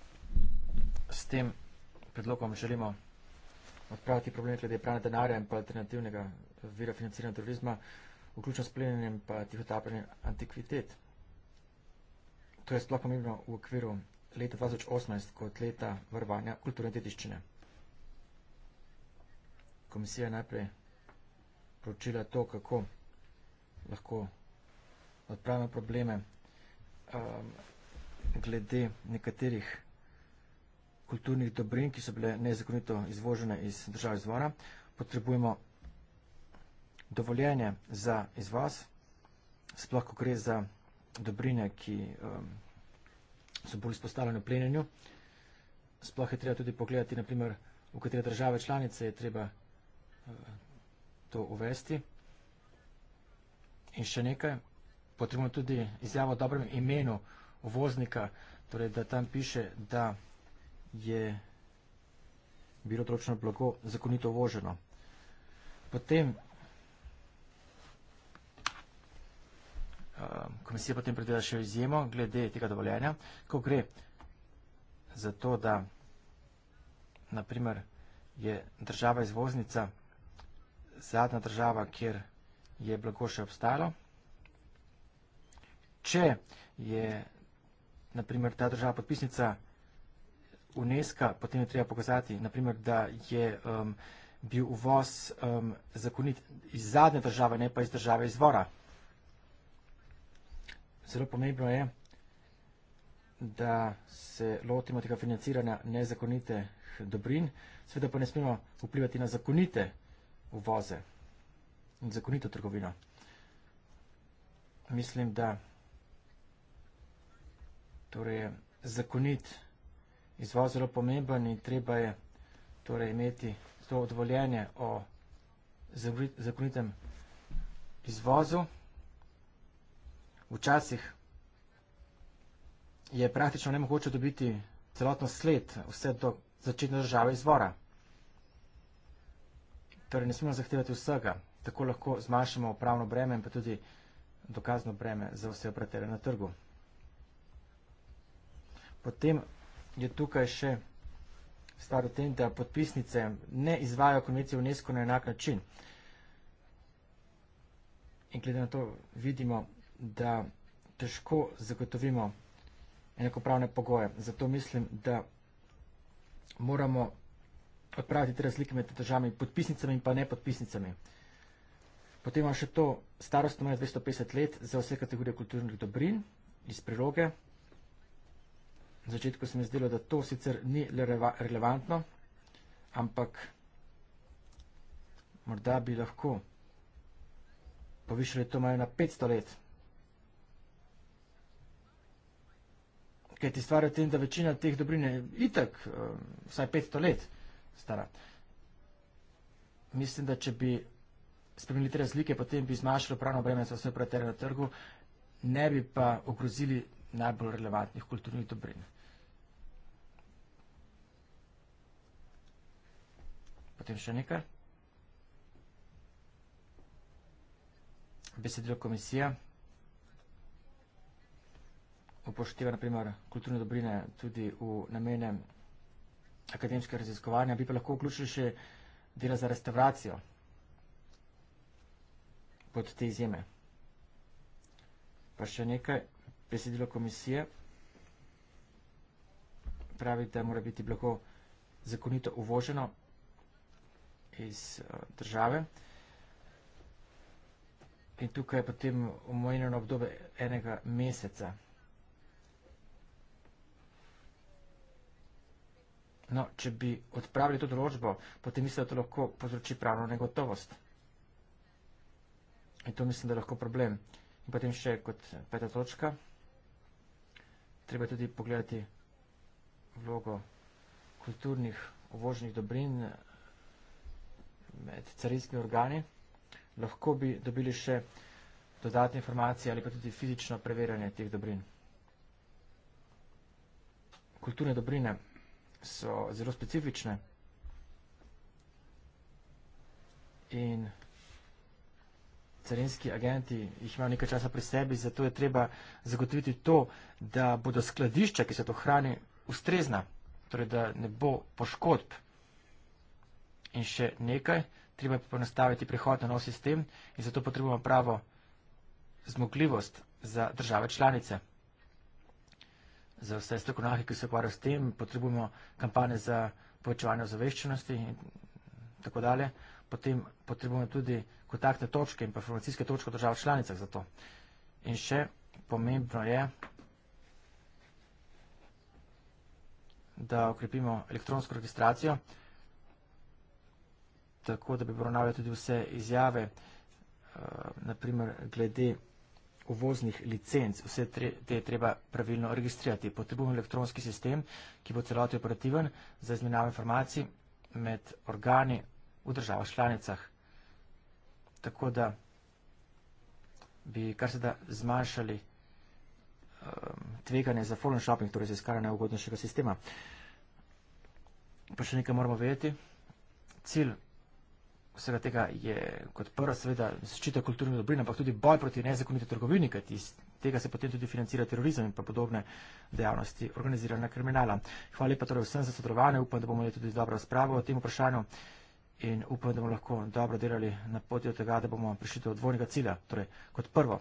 S tem predlogom želimo odpraviti probleme glede pranja denarja in pa alternativnega vira financiranja turizma, vključno s plenjenjem pa tihotapljenjem antikvitet. To je sploh pomembno v okviru leta 2018 kot leta varovanja kulturne dediščine. Komisija je najprej proučila to, kako lahko odpravimo probleme um, glede nekaterih kulturnih dobrin, ki so bile nezakonito izvožene iz države izvora. Potrebujemo dovoljenje za izvaz, sploh ko gre za dobrine, ki um, so bolj izpostavljene v plenjenju. Sploh je treba tudi pogledati, naprimer, v katere države članice je treba uh, to uvesti. In še nekaj, potrebno tudi izjavo o dobrem imenu voznika, torej da tam piše, da je bilo tročno blago zakonito voženo. Potem eh, komisija potem predvela še izjemo glede tega dovoljenja, ko gre za to, da naprimer je država izvoznica vsega, zadnja država, kjer je blago še obstalo. Če je naprimer ta država podpisnica UNESCO, potem je treba pokazati, naprimer, da je um, bil uvoz um, zakonit iz zadnje države, ne pa iz države izvora. Zelo pomembno je, da se lotimo tega financiranja nezakonite dobrin, sveda pa ne smemo vplivati na zakonite dobrin uvoze in zakonito trgovino. Mislim, da torej, zakonit izvoz zelo pomemben in treba je torej, imeti to odvoljenje o zakonitem izvozu. Včasih je praktično nemogoče dobiti celotno sled vse do začetne države izvora. Torej, ne smemo zahtevati vsega, tako lahko zmanjšamo upravno breme in pa tudi dokazno breme za vse operatere na trgu. Potem je tukaj še stvar o tem, da podpisnice ne izvajo konvencije UNESCO na enak način. In glede na to vidimo, da težko zagotovimo enakopravne pogoje. Zato mislim, da moramo odpraviti te razlike med državami, podpisnicami in pa ne podpisnicami. Potem imamo še to starost, omejo 250 let za vse kategorije kulturnih dobrin iz priroge. Na začetku se mi je zdelo, da to sicer ni relevantno, ampak morda bi lahko povišali to omejo na 500 let. Kaj ti stvari o tem, da večina teh dobrine je itak, eh, vsaj 500 let, stara. Mislim, da če bi spremenili te razlike, potem bi zmanjšali pravno breme za vse operatere na trgu, ne bi pa ogrozili najbolj relevantnih kulturnih dobrin. Potem še nekaj. Besedilo komisija upošteva naprimer kulturne dobrine tudi v namenem akademske raziskovanja, bi pa lahko vključili še dela za restauracijo pod te izjeme. Pa še nekaj besedilo komisije pravi, da mora biti blago zakonito uvoženo iz eh, države. In tukaj je potem omojeno na obdobje enega meseca. No, če bi odpravili to določbo, potem mislim, da to lahko povzroči pravno negotovost. In to mislim, da je lahko problem. In potem še kot peta točka, treba tudi pogledati vlogo kulturnih uvoženih dobrin eh, med carinskimi organi. Lahko bi dobili še dodatne informacije ali pa tudi fizično preverjanje teh dobrin. Kulturne dobrine so zelo specifične in carinski agenti jih imajo nekaj časa pri sebi, zato je treba zagotoviti to, da bodo skladišča, ki se to hrani, ustrezna, torej da ne bo poškodb. In še nekaj, treba je ponastaviti prihod na nov sistem in zato potrebujemo pravo zmogljivost za države članice za vse strokovnjake, ki se ukvarjajo s tem, potrebujemo kampanje za povečevanje ozaveščenosti in tako dalje. Potem potrebujemo tudi kontaktne točke in pa informacijske točke v državah članicah za to. In še pomembno je, da okrepimo elektronsko registracijo, tako da bi poravnavali tudi vse izjave, eh, naprimer glede uvoznih licenc. Vse te je treba pravilno registrirati. Potrebujemo elektronski sistem, ki bo celoti operativen za izmenjavo informacij med organi v državah članicah. Tako da bi kar se da zmanjšali um, tveganje za foreign shopping, torej za iskanje ugodnejšega sistema. Pa še nekaj moramo vedeti. Cilj vsega tega je kot prva seveda zaščita kulturne dobrine, ampak tudi boj proti nezakonite trgovini, kajti iz tega se potem tudi financira terorizem in pa podobne dejavnosti organizirana kriminala. Hvala lepa torej vsem za sodelovanje, upam, da bomo imeli tudi dobro razpravo o tem vprašanju in upam, da bomo lahko dobro delali na poti od tega, da bomo prišli do dvojnega cilja. Torej, kot prvo,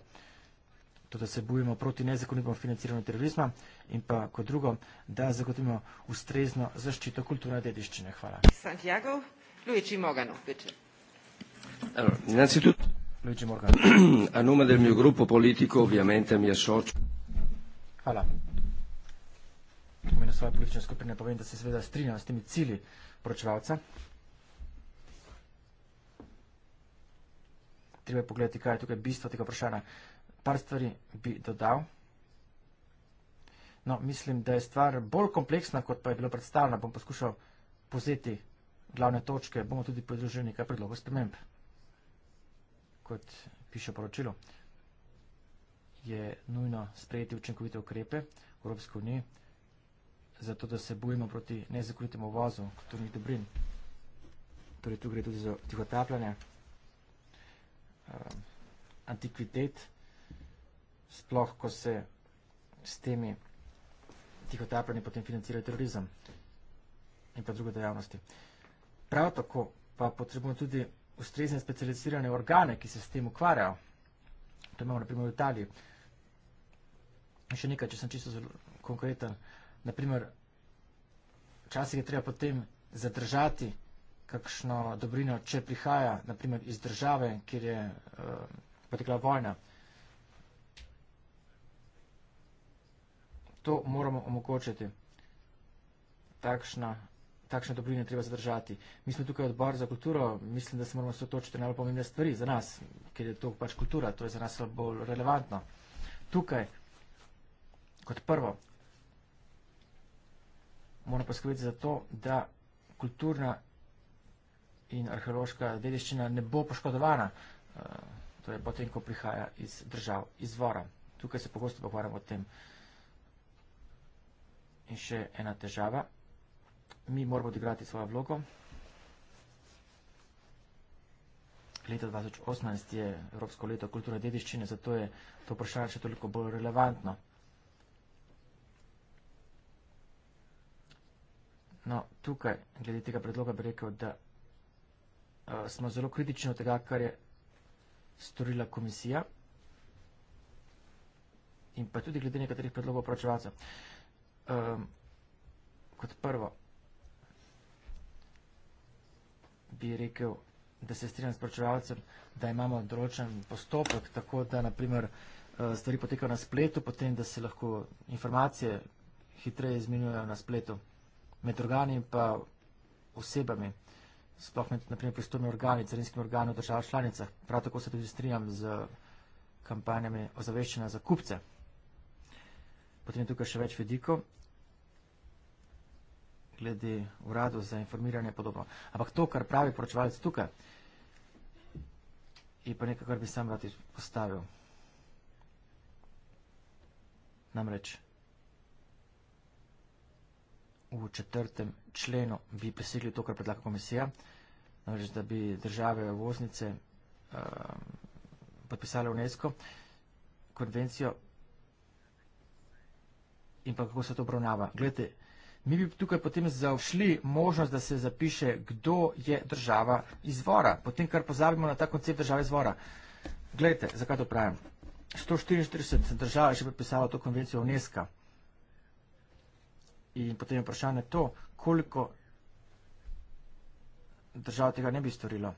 to, da se bojimo proti nezakonitemu financiranju terorizma in pa kot drugo, da zagotovimo ustrezno zaščito kulturne dediščine. Hvala. Santiago. Luigi Mogano, bitte. Allora, innanzitutto, Luigi Morgano. *clears throat* a nome del mio gruppo politico, ovviamente mi associo. Hvala. Tukaj na svoje politične skupine povem, da se seveda strinjam s temi cili poročevalca. Treba je pogledati, kaj je tukaj bistvo tega vprašanja. Par stvari bi dodal. No, mislim, da je stvar bolj kompleksna, kot pa je bilo predstavljena. Bom poskušal pozeti glavne točke, bomo tudi podružili nekaj predlogov sprememb kot piše poročilo, je nujno sprejeti učinkovite ukrepe v Evropske unije, zato da se bojimo proti nezakonitemu uvozu kulturnih dobrin. Torej, tu gre tudi za tihotapljanje, uh, eh, antikvitet, sploh, ko se s temi tihotapljanji potem financira terorizem in pa druge dejavnosti. Prav tako pa potrebujemo tudi ustrezne specializirane organe, ki se s tem ukvarjajo. To imamo naprimer v Italiji. In še nekaj, če sem čisto zelo konkreten. Naprimer, včasih je treba potem zadržati kakšno dobrino, če prihaja naprimer iz države, kjer je uh, eh, potekla vojna. To moramo omogočiti. Takšna takšne dobrine treba zadržati. Mi smo tukaj odbor za kulturo, mislim, da se moramo sotočiti na pomembne stvari za nas, ker je to pač kultura, to torej je za nas bolj relevantno. Tukaj, kot prvo, moramo poskrbeti za to, da kulturna in arheološka dediščina ne bo poškodovana, eh, torej potem, ko prihaja iz držav izvora. Tukaj se pogosto pogovarjamo o tem. In še ena težava mi moramo odigrati svojo vlogo. Leto 2018 je Evropsko leto kulture dediščine, zato je to vprašanje še toliko bolj relevantno. No, tukaj, glede tega predloga, bi rekel, da uh, smo zelo kritični od tega, kar je storila komisija in pa tudi glede nekaterih predlogov pročevalcev. Um, ehm, kot prvo, bi rekel, da se strinjam s poročevalcem, da imamo določen postopek, tako da naprimer eh, stvari potekajo na spletu, potem da se lahko informacije hitreje izmenjujejo na spletu med organi in pa osebami, sploh med naprimer pristojnimi organi, carinskimi organi v državah članicah. Prav tako se tudi strinjam z kampanjami ozaveščanja za kupce. Potem je tukaj še več vidikov glede uradu za informiranje in podobno. Ampak to, kar pravi poročevalec tukaj, je pa nekaj, kar bi sam rad izpostavil. Namreč v četrtem členu bi presegli to, kar predlaga komisija, namreč da bi države voznice um, podpisali UNESCO konvencijo in pa kako se to obravnava. Gledajte, mi bi tukaj potem zaušli možnost, da se zapiše, kdo je država izvora, potem kar pozabimo na ta koncept države izvora. Glejte, zakaj to pravim? 144 držav je še pripisalo to konvencijo UNESCO. In potem je vprašanje to, koliko držav tega ne bi storilo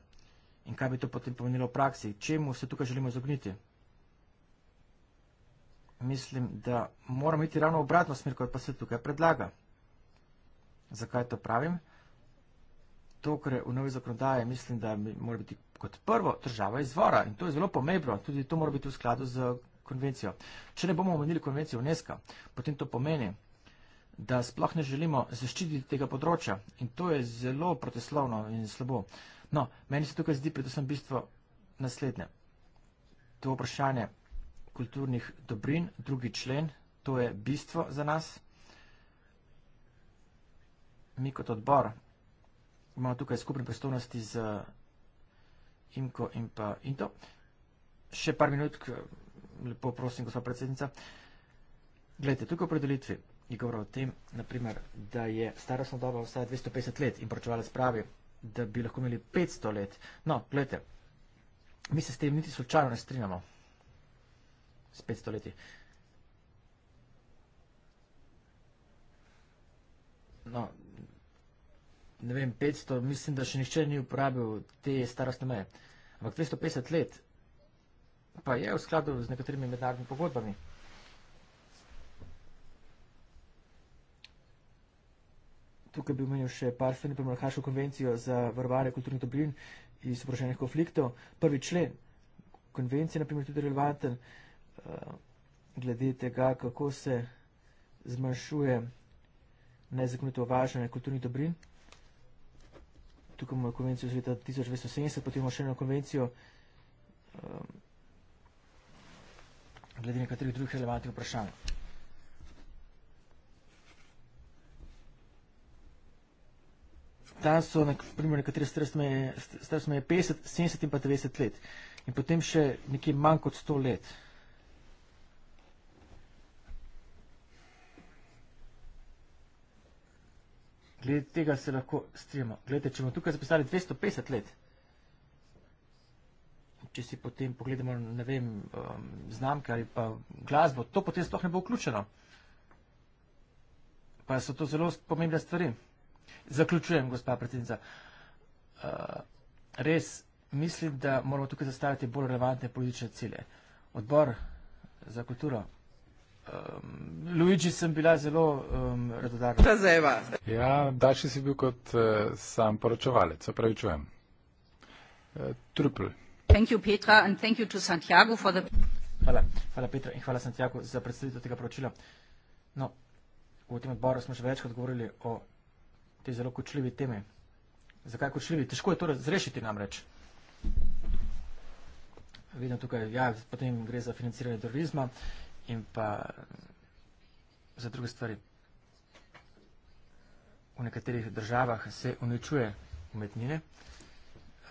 in kaj bi to potem pomenilo v praksi, čemu se tukaj želimo izogniti. Mislim, da moramo iti ravno v obratno smer, kot pa se tukaj predlaga. Zakaj to pravim? To, kar je v novi zakonodaji, mislim, da mora biti kot prvo država izvora in to je zelo pomembno, tudi to mora biti v skladu z konvencijo. Če ne bomo omenili konvencijo UNESCO, potem to pomeni, da sploh ne želimo zaščititi tega področja in to je zelo protislovno in slabo. No, meni se tukaj zdi predvsem bistvo naslednje. To vprašanje kulturnih dobrin, drugi člen, to je bistvo za nas mi kot odbor imamo tukaj skupne pristojnosti z Imko in pa Into. Še par minut, lepo prosim, gospod predsednica. Gledajte, tukaj v predelitvi je govoril o tem, naprimer, da je starostna doba vsaj 250 let in pročevalec pravi, da bi lahko imeli 500 let. No, gledajte, mi se s tem niti slučajno ne strinjamo s 500 leti. No, ne vem, 500, mislim, da še nihče ni uporabil te starostne meje. Ampak 250 let pa je v skladu z nekaterimi mednarodnimi pogodbami. Tukaj bi omenil še par stvari, naprimer Haško konvencijo za varovanje kulturnih dobrin in sproženih konfliktov. Prvi člen konvencije, naprimer, tudi relevanten eh, glede tega, kako se zmanjšuje nezakonito uvažanje kulturnih dobrin tukaj imamo konvencijo iz leta 1970, potem imamo še eno konvencijo um, glede nekaterih drugih relevantnih vprašanj. Tam so nek, primer, nekatere starostne meje 50, 70 in pa 90 let. In potem še nekje manj kot 100 let. glede tega se lahko strimo. Glede, če bomo tukaj zapisali 250 let, če si potem pogledamo, ne vem, um, znamke ali pa glasbo, to potem sploh ne bo vključeno. Pa so to zelo pomembne stvari. Zaključujem, gospa predsednica. Uh, res mislim, da moramo tukaj zastaviti bolj relevantne politične cilje. Odbor za kulturo Um, Luigi sem bila zelo um, radodarna. Razeva. Ja, daljši si bil kot uh, sam poročevalec, se pravi, čujem. Uh, Trupel. The... Hvala. hvala Petra in hvala Santiago za predstavitev tega poročila. No, v tem odboru smo že večkrat govorili o tej zelo kočljivi temi. Zakaj kočljivi? Težko je to razrešiti namreč. Vidim tukaj, ja, potem gre za financiranje terorizma in pa za druge stvari. V nekaterih državah se uničuje umetnine,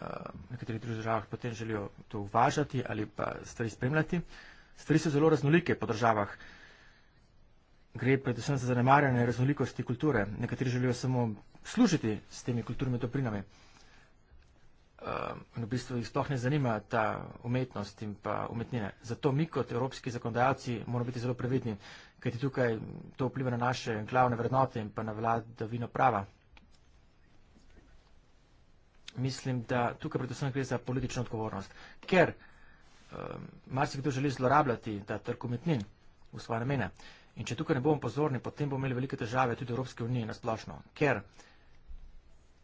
v nekaterih drugih državah potem želijo to uvažati ali pa stvari spremljati. Stvari so zelo raznolike po državah. Gre predvsem za zanemarjanje raznolikosti kulture. Nekateri želijo samo služiti s temi kulturnimi doprinami. Uh, in v bistvu jih sploh ne zanima ta umetnost in pa umetnine. Zato mi kot evropski zakonodajalci moramo biti zelo previdni, kajti tukaj to vpliva na naše glavne vrednote in pa na vladavino prava. Mislim, da tukaj predvsem gre za politično odgovornost, ker uh, marsikdo želi zlorabljati ta trg umetnin v svoje namene. In če tukaj ne bomo pozorni, potem bomo imeli velike težave tudi Evropske unije nasplošno, ker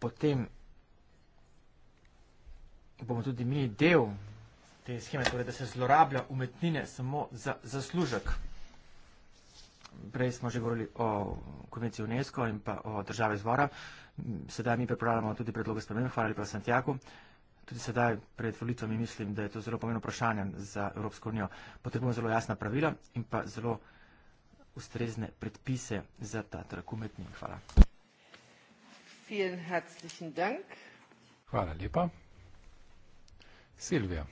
potem da bomo tudi mi del te scheme, torej da se zlorablja umetnine samo za zaslužek. Prej smo že govorili o konvenciji UNESCO in pa o državi zvora. Sedaj mi pripravljamo tudi predloge spremembe. Hvala lepa Santjaku. Tudi sedaj pred volitvami mislim, da je to zelo pomembno vprašanje za Evropsko unijo. Potrebujemo zelo jasna pravila in pa zelo ustrezne predpise za ta trg umetnin. Hvala. Hvala lepa. Silvia.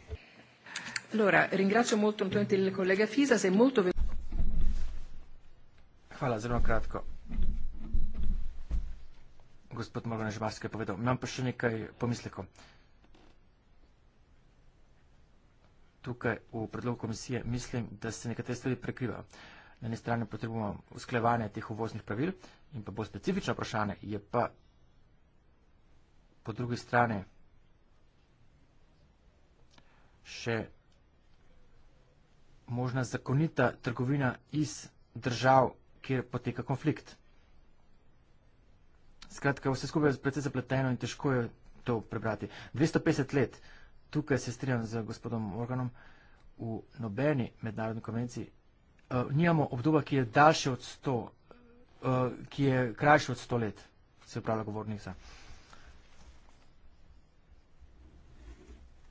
Allora, ringrazio molto il collega Fisa, sei molto veloce. Hvala, zelo kratko. Gospod Morganež Marske je povedal, imam pa še nekaj pomislekov. Tukaj v predlogu komisije mislim, da se nekatere stvari prekrivajo. Na eni strani potrebujemo usklevanje teh uvoznih pravil in pa bolj specifično vprašanje je pa po drugi strani še možna zakonita trgovina iz držav, kjer poteka konflikt. Skratka, vse skupaj je precej zapleteno in težko je to prebrati. 250 let, tukaj se strinjam z gospodom Morganom, v nobeni mednarodni konvenciji, uh, eh, nijamo obdoba, ki je daljše od 100, uh, eh, ki je krajše od 100 let, se upravlja govornica. Uh,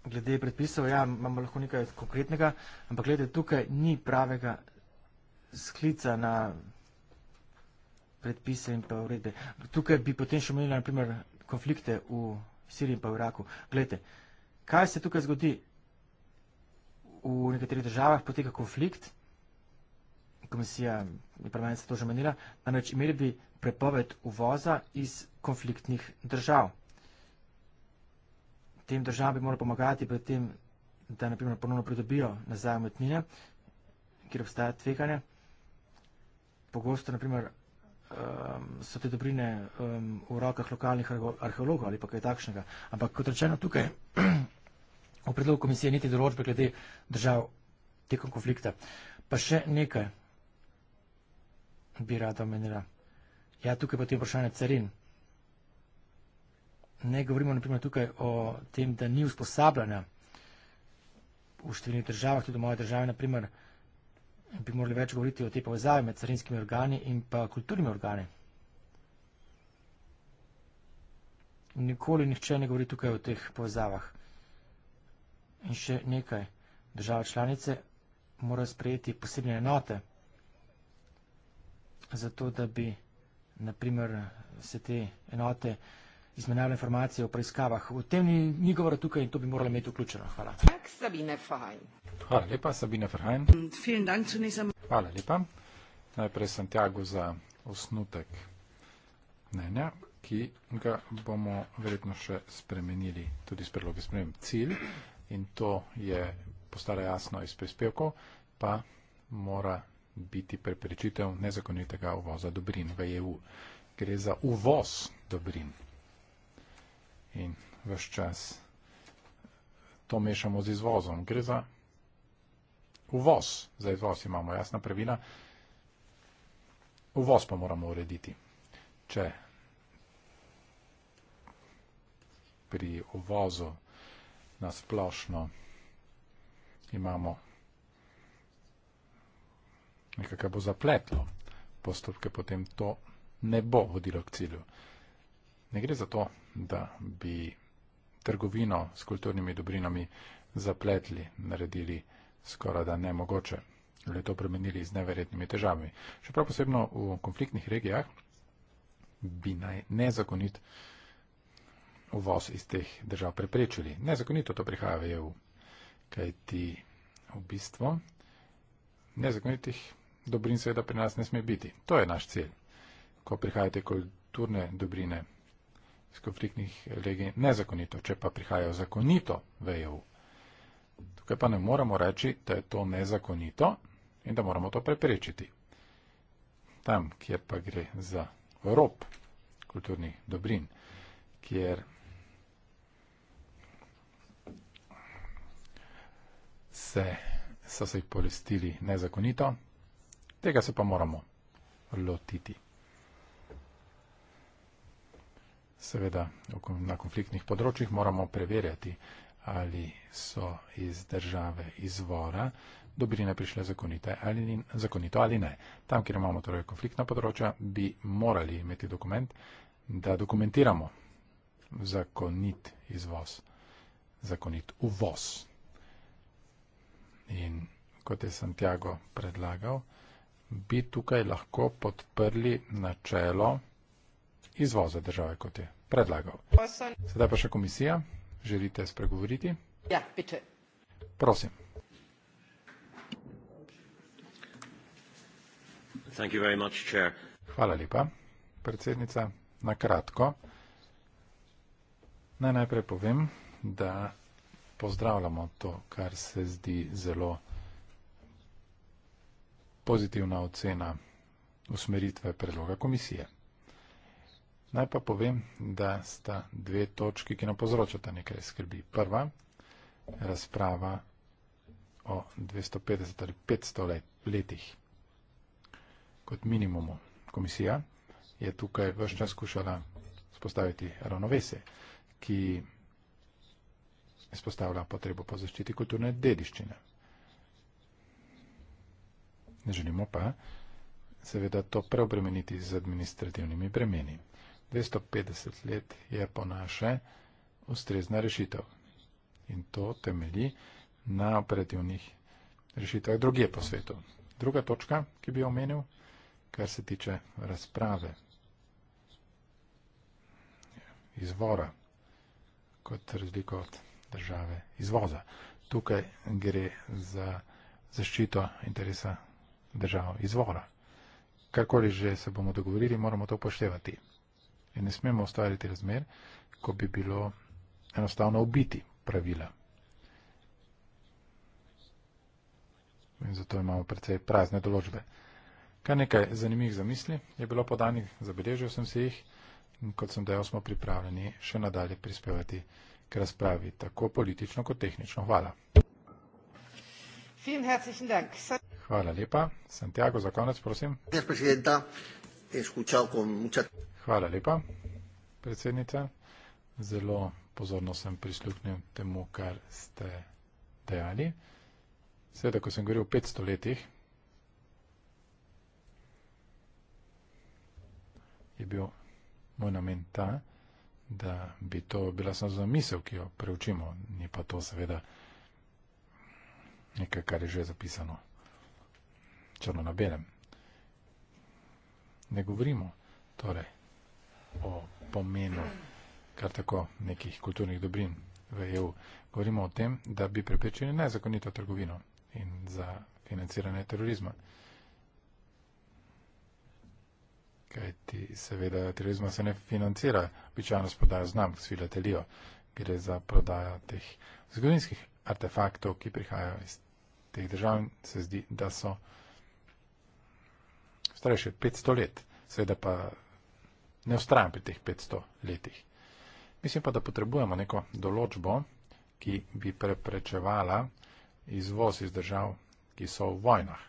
glede predpisov, ja, imamo lahko nekaj konkretnega, ampak glede tukaj ni pravega sklica na predpise in pa urede. Tukaj bi potem še omenila, naprimer, konflikte v Siriji in pa v Iraku. Glede, kaj se tukaj zgodi? V nekaterih državah poteka konflikt, komisija je pravena, da se to že omenila, namreč imeli bi prepoved uvoza iz konfliktnih držav tem državam bi morali pomagati pri tem, da naprimer ponovno pridobijo nazaj umetnine, kjer obstaja tveganje. Pogosto naprimer um, so te dobrine um, v rokah lokalnih arheologov ali pa kaj takšnega. Ampak kot rečeno tukaj *clears throat* v predlogu komisije niti določbe glede držav tekom konflikta. Pa še nekaj bi rada omenila. Ja, tukaj pa ti vprašanje carin ne govorimo naprimer tukaj o tem, da ni usposabljanja v številnih državah, tudi v moje države, naprimer, bi morali več govoriti o te povezave med carinskimi organi in pa kulturnimi organi. Nikoli nihče ne govori tukaj o teh povezavah. In še nekaj. Država članice mora sprejeti posebne enote, zato da bi, naprimer, se te enote izmenjava informacije o preiskavah. O tem ni, ni govora tukaj in to bi morali imeti vključeno. Hvala. Hvala lepa, Sabine Ferhajn. Hvala lepa. Najprej Santiago za osnutek mnenja, ki ga bomo verjetno še spremenili, tudi s predlogi spremem cilj in to je postalo jasno iz prispevkov, pa mora biti prepričitev nezakonitega uvoza dobrin v EU. Gre za uvoz dobrin in vse čas to mešamo z izvozom. Gre za uvoz, za izvoz imamo jasna pravila. Uvoz pa moramo urediti. Če pri uvozu na splošno imamo nekaj, kar bo zapletlo postopke, potem to ne bo vodilo k cilju ne gre za to, da bi trgovino s kulturnimi dobrinami zapletli, naredili skoraj da nemogoče ali to premenili z neverjetnimi težavami. Še prav posebno v konfliktnih regijah bi naj nezakonit uvoz iz teh držav preprečili. Nezakonito to prihaja v EU, kajti v bistvu nezakonitih dobrin seveda pri nas ne sme biti. To je naš cilj. Ko prihajajo te kulturne dobrine iz konfliktnih regij nezakonito, če pa prihajajo zakonito v EU. Tukaj pa ne moramo reči, da je to nezakonito in da moramo to preprečiti. Tam, kjer pa gre za rob kulturnih dobrin, kjer se, so se jih polistili nezakonito, tega se pa moramo lotiti. seveda na konfliktnih področjih moramo preverjati, ali so iz države izvora dobrine prišle zakonite ali ni, zakonito ali ne. Tam, kjer imamo torej konfliktna področja, bi morali imeti dokument, da dokumentiramo zakonit izvoz, zakonit uvoz. In kot je Santiago predlagal, bi tukaj lahko podprli načelo izvoza države, kot je predlagal. Sedaj pa še komisija. Želite spregovoriti? Ja, bitte. Prosim. Thank you very much, chair. Hvala lepa, predsednica. Na kratko. Naj najprej povem, da pozdravljamo to, kar se zdi zelo pozitivna ocena usmeritve predloga komisije. Naj pa povem, da sta dve točki, ki nam povzročata nekaj skrbi. Prva, razprava o 250 ali 500 let, letih kot minimumu. Komisija je tukaj vse čas skušala spostaviti ravnovesje, ki izpostavlja potrebo po zaščiti kulturne dediščine. Ne želimo pa seveda to preobremeniti z administrativnimi bremeni. 250 let je po naše ustrezna rešitev. In to temelji na operativnih rešitvah druge po svetu. Druga točka, ki bi omenil, kar se tiče razprave, izvora, kot razliko od države izvoza. Tukaj gre za zaščito interesa držav izvora. Karkoli že se bomo dogovorili, moramo to upoštevati in ne smemo ustvariti razmer, ko bi bilo enostavno obiti pravila. In zato imamo precej prazne določbe. Kar nekaj zanimivih zamisli je bilo podanih, zabeležil sem si jih in kot sem dejal, smo pripravljeni še nadalje prispevati k razpravi, tako politično kot tehnično. Hvala. Hvala lepa. Santiago, za konec, prosim. Gospod predsednik he escuchado con mucha. Hvala lepa, predsednica. Zelo pozorno sem prisluhnil temu, kar ste dejali. Sveda, ko sem govoril o 500 letih, je bil moj namen ta, da bi to bila samo zamisel, ki jo preučimo. Ni pa to seveda nekaj, kar je že zapisano črno na belem ne govorimo torej, o pomenu kar tako nekih kulturnih dobrin v EU. Govorimo o tem, da bi preprečili nezakonito trgovino in za financiranje terorizma. Kaj ti seveda terorizma se ne financira, običajno s prodajo znam s filatelijo. Gre za prodajo teh zgodovinskih artefaktov, ki prihajajo iz teh držav in se zdi, da so uh, starejše 500 let, seveda pa ne ustrajam pri teh 500 letih. Mislim pa, da potrebujemo neko določbo, ki bi preprečevala izvoz iz držav, ki so v vojnah.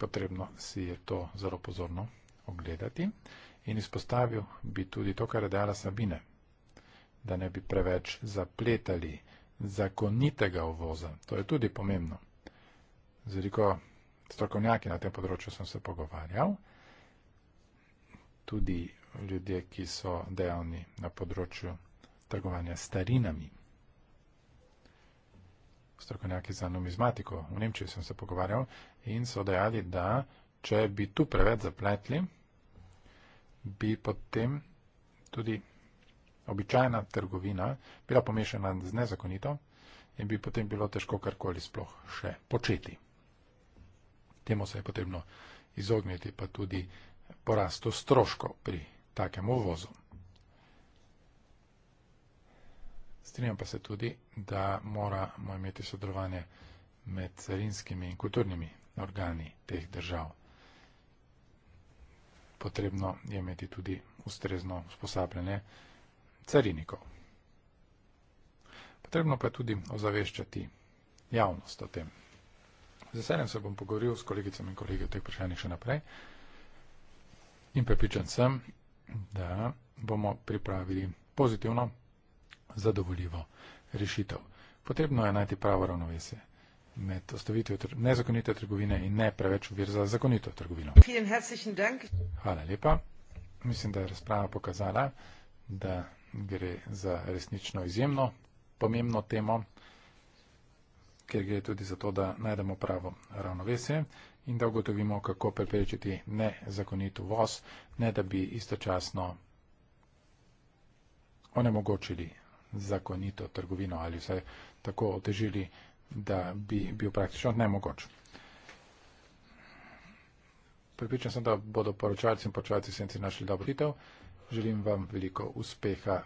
Potrebno si je to zelo pozorno ogledati in izpostavil bi tudi to, kar je dejala Sabine, da ne bi preveč zapletali zakonitega uvoza. To je tudi pomembno. Zeliko strokovnjaki na tem področju sem se pogovarjal, tudi ljudje, ki so dejavni na področju trgovanja starinami. Strokovnjaki za numizmatiko v Nemčiji sem se pogovarjal in so dejali, da če bi tu preveč zapletli, bi potem tudi običajna trgovina bila pomešana z nezakonito in bi potem bilo težko karkoli sploh še početi. Temu se je potrebno izogniti, pa tudi porasto stroškov pri takem uvozu. Strinjam pa se tudi, da moramo imeti sodelovanje med carinskimi in kulturnimi organi teh držav. Potrebno je imeti tudi ustrezno usposabljanje carinikov. Potrebno pa je tudi ozaveščati javnost o tem. Z veseljem se bom pogovoril s kolegicami in kolegi o teh vprašanjih še naprej. In prepričan sem, da bomo pripravili pozitivno, zadovoljivo rešitev. Potrebno je najti pravo ravnovesje med ostavitvijo nezakonite trgovine in ne preveč uvir za zakonito trgovino. Hvala lepa. Mislim, da je razprava pokazala, da gre za resnično izjemno pomembno temo kjer gre tudi za to, da najdemo pravo ravnovesje in da ugotovimo, kako preprečiti nezakonit uvoz, ne da bi istočasno onemogočili zakonito trgovino ali vsaj tako otežili, da bi bil praktično nemogoč. Pripričan sem, da bodo poročalci in poročalci senci našli dobro hitev. Želim vam veliko uspeha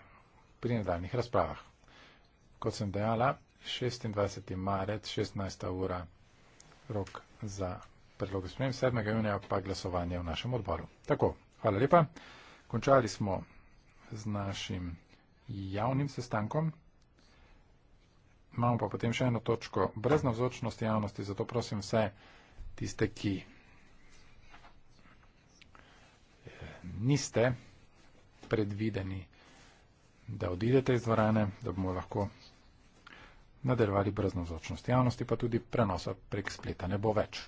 pri nadaljnih razpravah. Kot sem dejala, 26. marec, 16. ura, rok za predlog sprem, 7. junija pa glasovanje v našem odboru. Tako, hvala lepa. Končali smo z našim javnim sestankom. Imamo pa potem še eno točko brez navzočnosti javnosti, zato prosim vse tiste, ki eh, niste predvideni, da odidete iz dvorane, da bomo lahko nadaljevali brez navzočnosti javnosti, pa tudi prenosa prek spleta ne bo več.